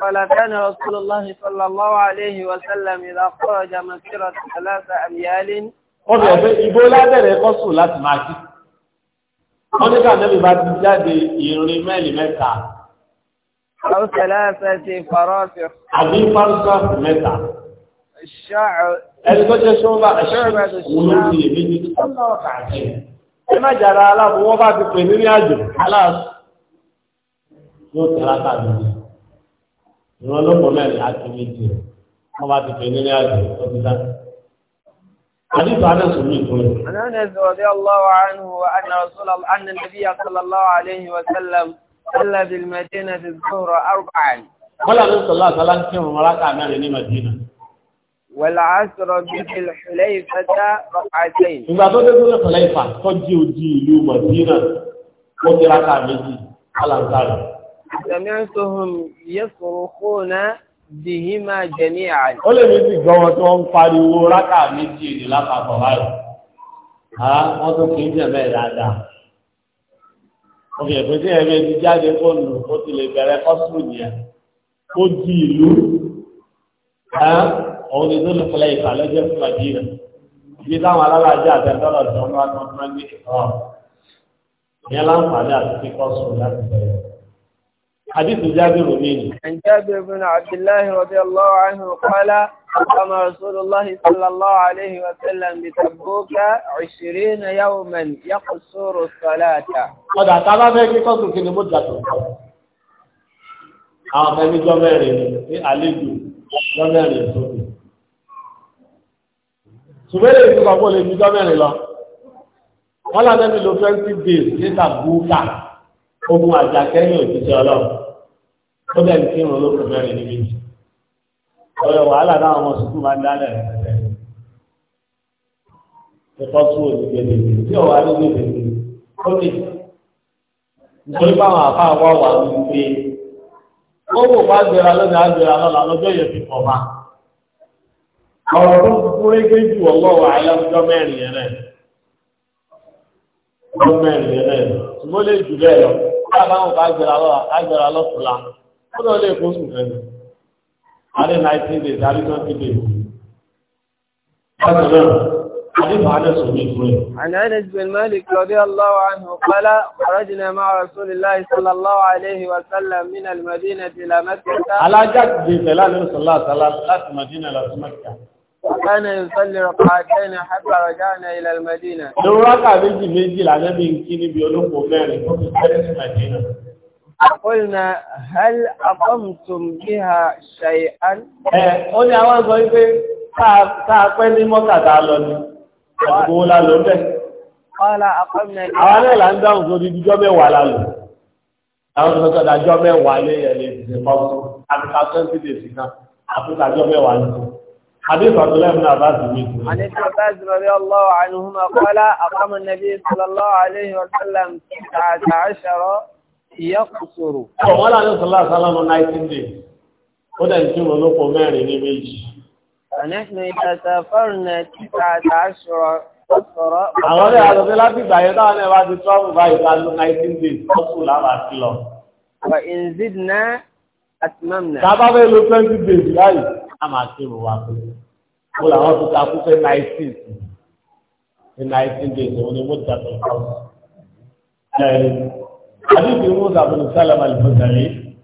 قال كان رسول الله صلى الله عليه وسلم إذا خرج مسيرة ثلاثة أميال. wọ́n fi ẹ̀fẹ́ ìbò lábẹ́rẹ́ kọ́sù láti máa kí. wọ́n ní ká nẹ́bí bá ti أو ثلاثة فرافق أبي فرصة متى الشعر البجة شعبة شعبة الشعر الله ركعتين كما جرى له هو بعد قليل يجب خلاص yóò tẹ̀lé àtàdé yìí ìwọ ló mọ̀ mẹ́rin àti méjì rẹ̀ wọ́n bá ti pè nílé àjò tó رضي الله عنه وأن رسول الله أن النبي صلى الله عليه وسلم صلى بالمدينة الظهر أربعا ولا غير صلى الله عليه وسلم كم مراكع من المدينة والعصر بالحليفة ركعتين إذا تقول الحليفة تجي وجي يوم مدينة وكراكع مجي على الزارة سمعتهم يصرخون bìhímà jẹ̀míà. ó lè méjì gbọ́ wọn tí wọ́n ń pariwo rákà méjì èdè lápapọ̀ báyìí ọbẹ̀ ẹ̀fẹ́ tí ẹ̀fẹ́ ti jáde fóònù ó ti lè bẹ̀rẹ̀ kọ́sùmù nìyẹn ó di ìlú òun ni tó lè fẹlẹ̀ ìfà lọ́jọ́ fún àdìrẹ̀ ibi táwọn alálàájá àtẹ̀tọ́lọ̀ tó ń wá tó ń ọ̀ ìyẹn láǹfààní àti kíkọ́ sùn láti bẹ̀rẹ̀. حديث جابر بن عن جابر بن عبد الله رضي الله عنه قال قام رسول الله صلى الله عليه وسلم بتبوك عشرين يوما يقصر الصلاة قد اعتبر بك قصر في لمدة àwọn ọmọ ẹni jọmẹrin ní àlejò jọmẹrin sókè ṣùgbẹ́lẹ̀ ìdúgbà kó lè ní jọmẹrin lọ wọ́n lọ́dẹ́ mi lo twenty days nígbà búkà ogun àjàkẹ́yìn òṣìṣẹ́ ọlọ́run ó bẹ̀rẹ̀ kí n rò lókè mẹ́rin níbi jù ọ̀rọ̀ wàhálà náà ọmọ sùkúù máa ń dálẹ̀ rẹ̀ ẹ̀kọ́ sùn òdìgbèdè tí ọ̀wá ló ní ìgbèdè nítorí báwọn àfa wà wà wípé ó wò bá gbéra lónìí àgbéra lọ́la lọ́jọ́ yẹn fi pọ̀ ọ̀rọ̀ tó kúrégé jù ọlọ́wọ́ àyájọ́ mẹ́rin yẹn rẹ̀ ọjọ́ mẹ́rin yẹn rẹ̀ ṣùgbọ́n lè jù bẹ́ẹ̀ lọ bá báwọn bá gbéra lọ́la àrí 19 days àrí 20 days. Bákan náà, حديث أنس بن سويد عن أنس بن مالك رضي الله عنه قال خرجنا مع رسول الله صلى الله عليه وسلم من المدينة إلى مكة على جد في ظلال صلى الله عليه وسلم مدينة إلى مكة وكان يصلي ركعتين حتى رجعنا إلى المدينة لو ركع بيجي بيجي العجب يمكن بيقولوا مبارك في المدينة قلنا هل أقمتم بها شيئا ó ní àwọn sọ wípé káà أقول ní mọ́kàtà lọ ni ọ̀gbọ̀n أقول la lò ń bẹ̀. ọ̀la àkọ́mìnà ìlú. àwọn náà là ń dáhùn sórí ìjọ mẹ́wàá la lò. àwọn sọ sọ́dọ̀ àjọ mẹ́wàá lé yẹn lè ṣe mọ́tò àfíkà twenty days kan àfíkà àjọ mẹ́wàá ló tó. حديث عبد الله بن عباس عن ابن عباس رضي الله عنهما قال أقام النبي صلى الله عليه وسلم تسعة عشر ìyá kò sọ̀rọ̀. ọ̀wọ́n láti sọ́lá sálá lọ 19 days ó dẹ̀ tí wọn ló pọ̀ mẹ́rin ní méjì. àníṣe ìtàtà fọ́ọ̀nà tí tààtà sọ̀rọ̀ sọ̀rọ̀. àwọn ọ̀rẹ́ àlọ́dé láti ìgbà yẹn táwọn ẹ̀rọ ti tọ́wọ́ báyìí ká lọ 19 days ó kù lára sí lọ. wà ìnzid náà àti mọ́mìnà. tá a bá fẹ́ lo 20 days báyìí a máa ti rò wá pé ó làwọn ti ta kú fẹ́ 19 ní حديث موسى بن سلمة الحزني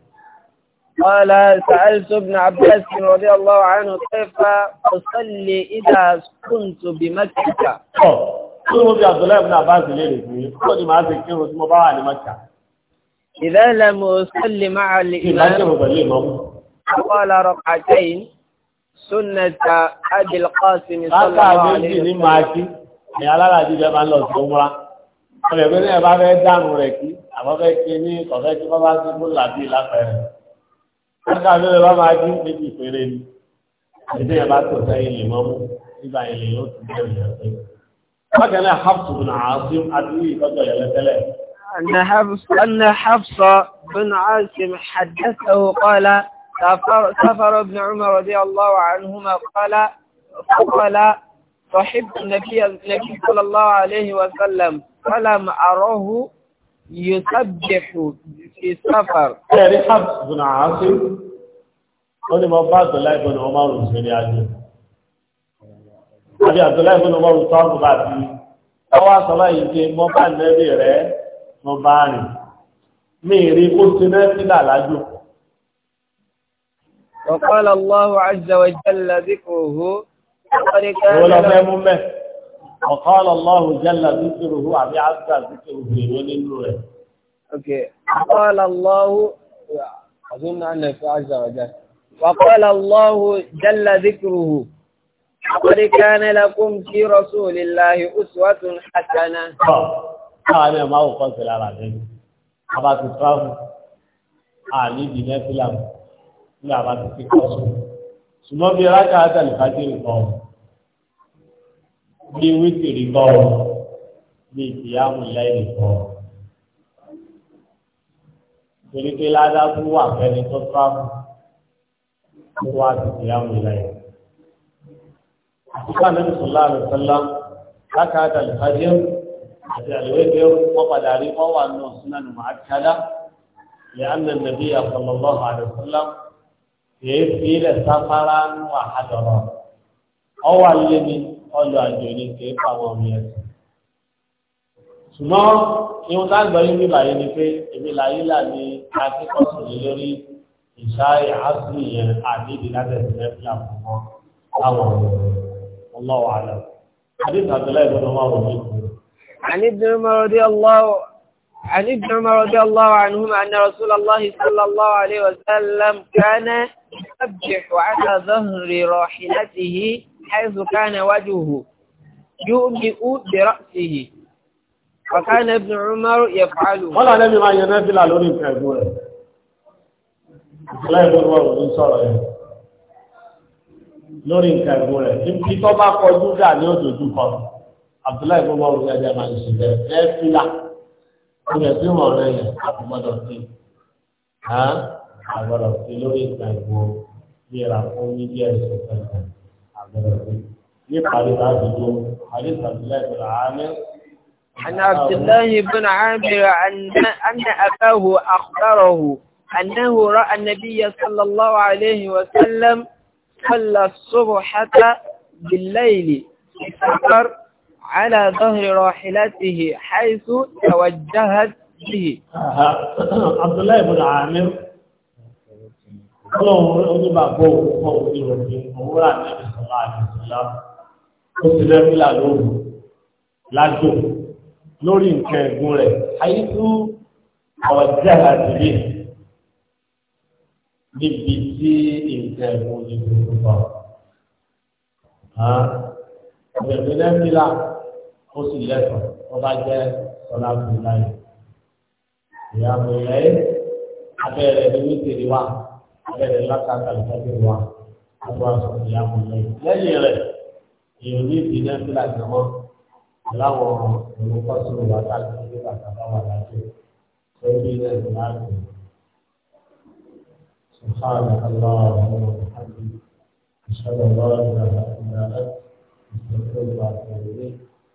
قال سأل ابن عباس رضي الله عنه كيف أصلي إذا كنت بمكة كل موسى عبد الله بن عباس ليلي كل ما هذا كيف اسمه بقى لمكة إذا لم أصلي مع الإمام قال ركعتين سنة أبي القاسم صلى الله عليه وسلم ọ̀rẹ́ pé náà bá fẹ́ dànù rẹ̀ kí àwọn fẹ́ kí ní kọ̀fẹ́ tí wọ́n bá ti kó làbí lápẹ̀rẹ̀. Nígbà tó lè bá máa dín méjì péré ni, ìdí ẹ̀ bá tó sẹ́yìn lè mọ́ mú nígbà ilé yóò tún bẹ̀rẹ̀ ìyàtọ̀. Bákan náà Hafsu bin Asim àti ìtọ́jọ ìyẹlẹtẹ́lẹ̀. أن حفص بن عاصم حدثه قال سافر ابن عمر رضي الله عنهما قال قال صحب النبي النبي صلى الله عليه وسلم فلم أره يسبح في السفر ẹ̀rí حفظ بن عاصم ó ní mọ bá Abdullahi ibn Umar ìṣẹ́rí ajé àbí Abdullahi ibn Umar tọ́ọ̀bù bá bí ọwọ́ àsọlá yìí pé mọ bá nẹ́bí rẹ̀ mọ bá rìn mí rí kó ti nẹ́fílà lájò وقال الله عز وجل ذكره ìwọ lọ fẹ́ mú mẹ́ ọ̀kọ́lọ̀ ọlọ́run jẹ́lá dúkìrùhù àbí áṣà dúkìrùhù èrò nínú rẹ̀. ọ̀kọ́lọ̀ ọlọ́run ọdún náà nà fún áṣà ọjà. وقال الله جل ذكره لقد كان لكم في رسول الله أسوة حسنة. káàní ẹ̀ máa wò kọ́ sílẹ̀ ara rẹ̀ àbá ti tíráfù àní ìdílé fílàmù ní àbá ti fi kọ́ sùn. ṣùgbọ́n bí rákà átàlì fàájì nìkan ọ̀hún bí wítìrì kọ́ ọ bí ìyáàmù lẹ́yìn kọ́ ọ. torí pé ládàbù wà fẹ́ni tó sáàmù tó wá sí ìyáàmù lẹ́yìn. àtúbà nàbì sọlá rẹ sọlá lákàtà lùfàjẹ àti àlùwẹgbẹ wọn padà rí wọn wà nù sínú màákàdá لأن النبي صلى الله عليه وسلم في سفرا وحضرا أول من ọlọ àjò ní kìí pàwọn ọmọ ẹ̀ ṣùgbọ́n ihun tágbọ̀ yìí ní báyìí ni pé èmi làyé là ní akẹ́kọ̀ọ́ lé lórí ìṣáyè àásù yẹn àdéhìí látẹ̀sílẹ̀ fún àbùkọ́ àwọn ọlọ́wọ́ àlọ́ àdéhìí àtẹlẹ́ ìbọn ọmọ ọmọ mi. عن ابن عمر رضي الله عن ابن عمر رضي الله عنهما أن رسول الله صلى الله عليه وسلم كان يسبح على ظهر راحلته حيث كان وجهه يؤمئ برأسه وكان ابن عمر يفعله ولا لم ما ينزل على الأولين كأجوة لا يدور ورد إن شاء الله lórí nǹkan ẹ̀gbọ́n rẹ̀ níbi tó bá kọjú dà ní òdòdó kan Abdullahi gbogbo ọrùn ẹ̀jẹ̀ máa ń ṣe bẹ́ẹ̀ bẹ́ẹ̀ fìlà ọ̀rẹ́ tí wọ́n rẹ̀ yẹn àtúgbọ́dọ̀ sí àgbọ̀dọ̀ sí lórí nǹkan ẹ̀gbọ́n bí ra fún yíyí ẹ̀sìn kankan. عن عبد الله بن عامر عن أن أباه أخبره أنه رأى النبي صلى الله عليه وسلم صلى الصبح بالليل سفر على ظهر راحلته حيث توجهت به عبد الله بن عامر ọlọ́run onígbàgbọ́ òkúkọ òní òní òwúrà níbi sọ̀rọ̀ àdìsọ́lá ó ti rẹ́fílà lóru lájò lórí nǹkan ẹ̀gún rẹ̀ àyíkú àwọ̀jẹ́ àdìlẹ̀ níbi tí nǹkan ẹ̀gún ní gbogbo ọ̀rọ̀ ọ̀rẹ́ rẹ́fílà ó sì lẹ́sọ̀ ó bá jẹ́ sọ̀rọ̀ àdìsọ́lá yìí ìyá rẹ̀ abẹ́rẹ́ ni wíńtèrè wà abẹ́rẹ́ látàkà lọ́dẹ wa àbúrò àtúntò yà mọ̀ lẹ́yìn. lẹ́yìn rẹ̀ èèyàn ní ìdílé ńlá ìnáwó láwọn olùkọ́sọ̀rọ̀ wà káàkiri ní bàtà bá wà láti lórí ilé ìgbà àgbè. سبحانك اللهم وبحمدك أشهد أن لا إله إلا أنت أستغفرك وأتوب إليك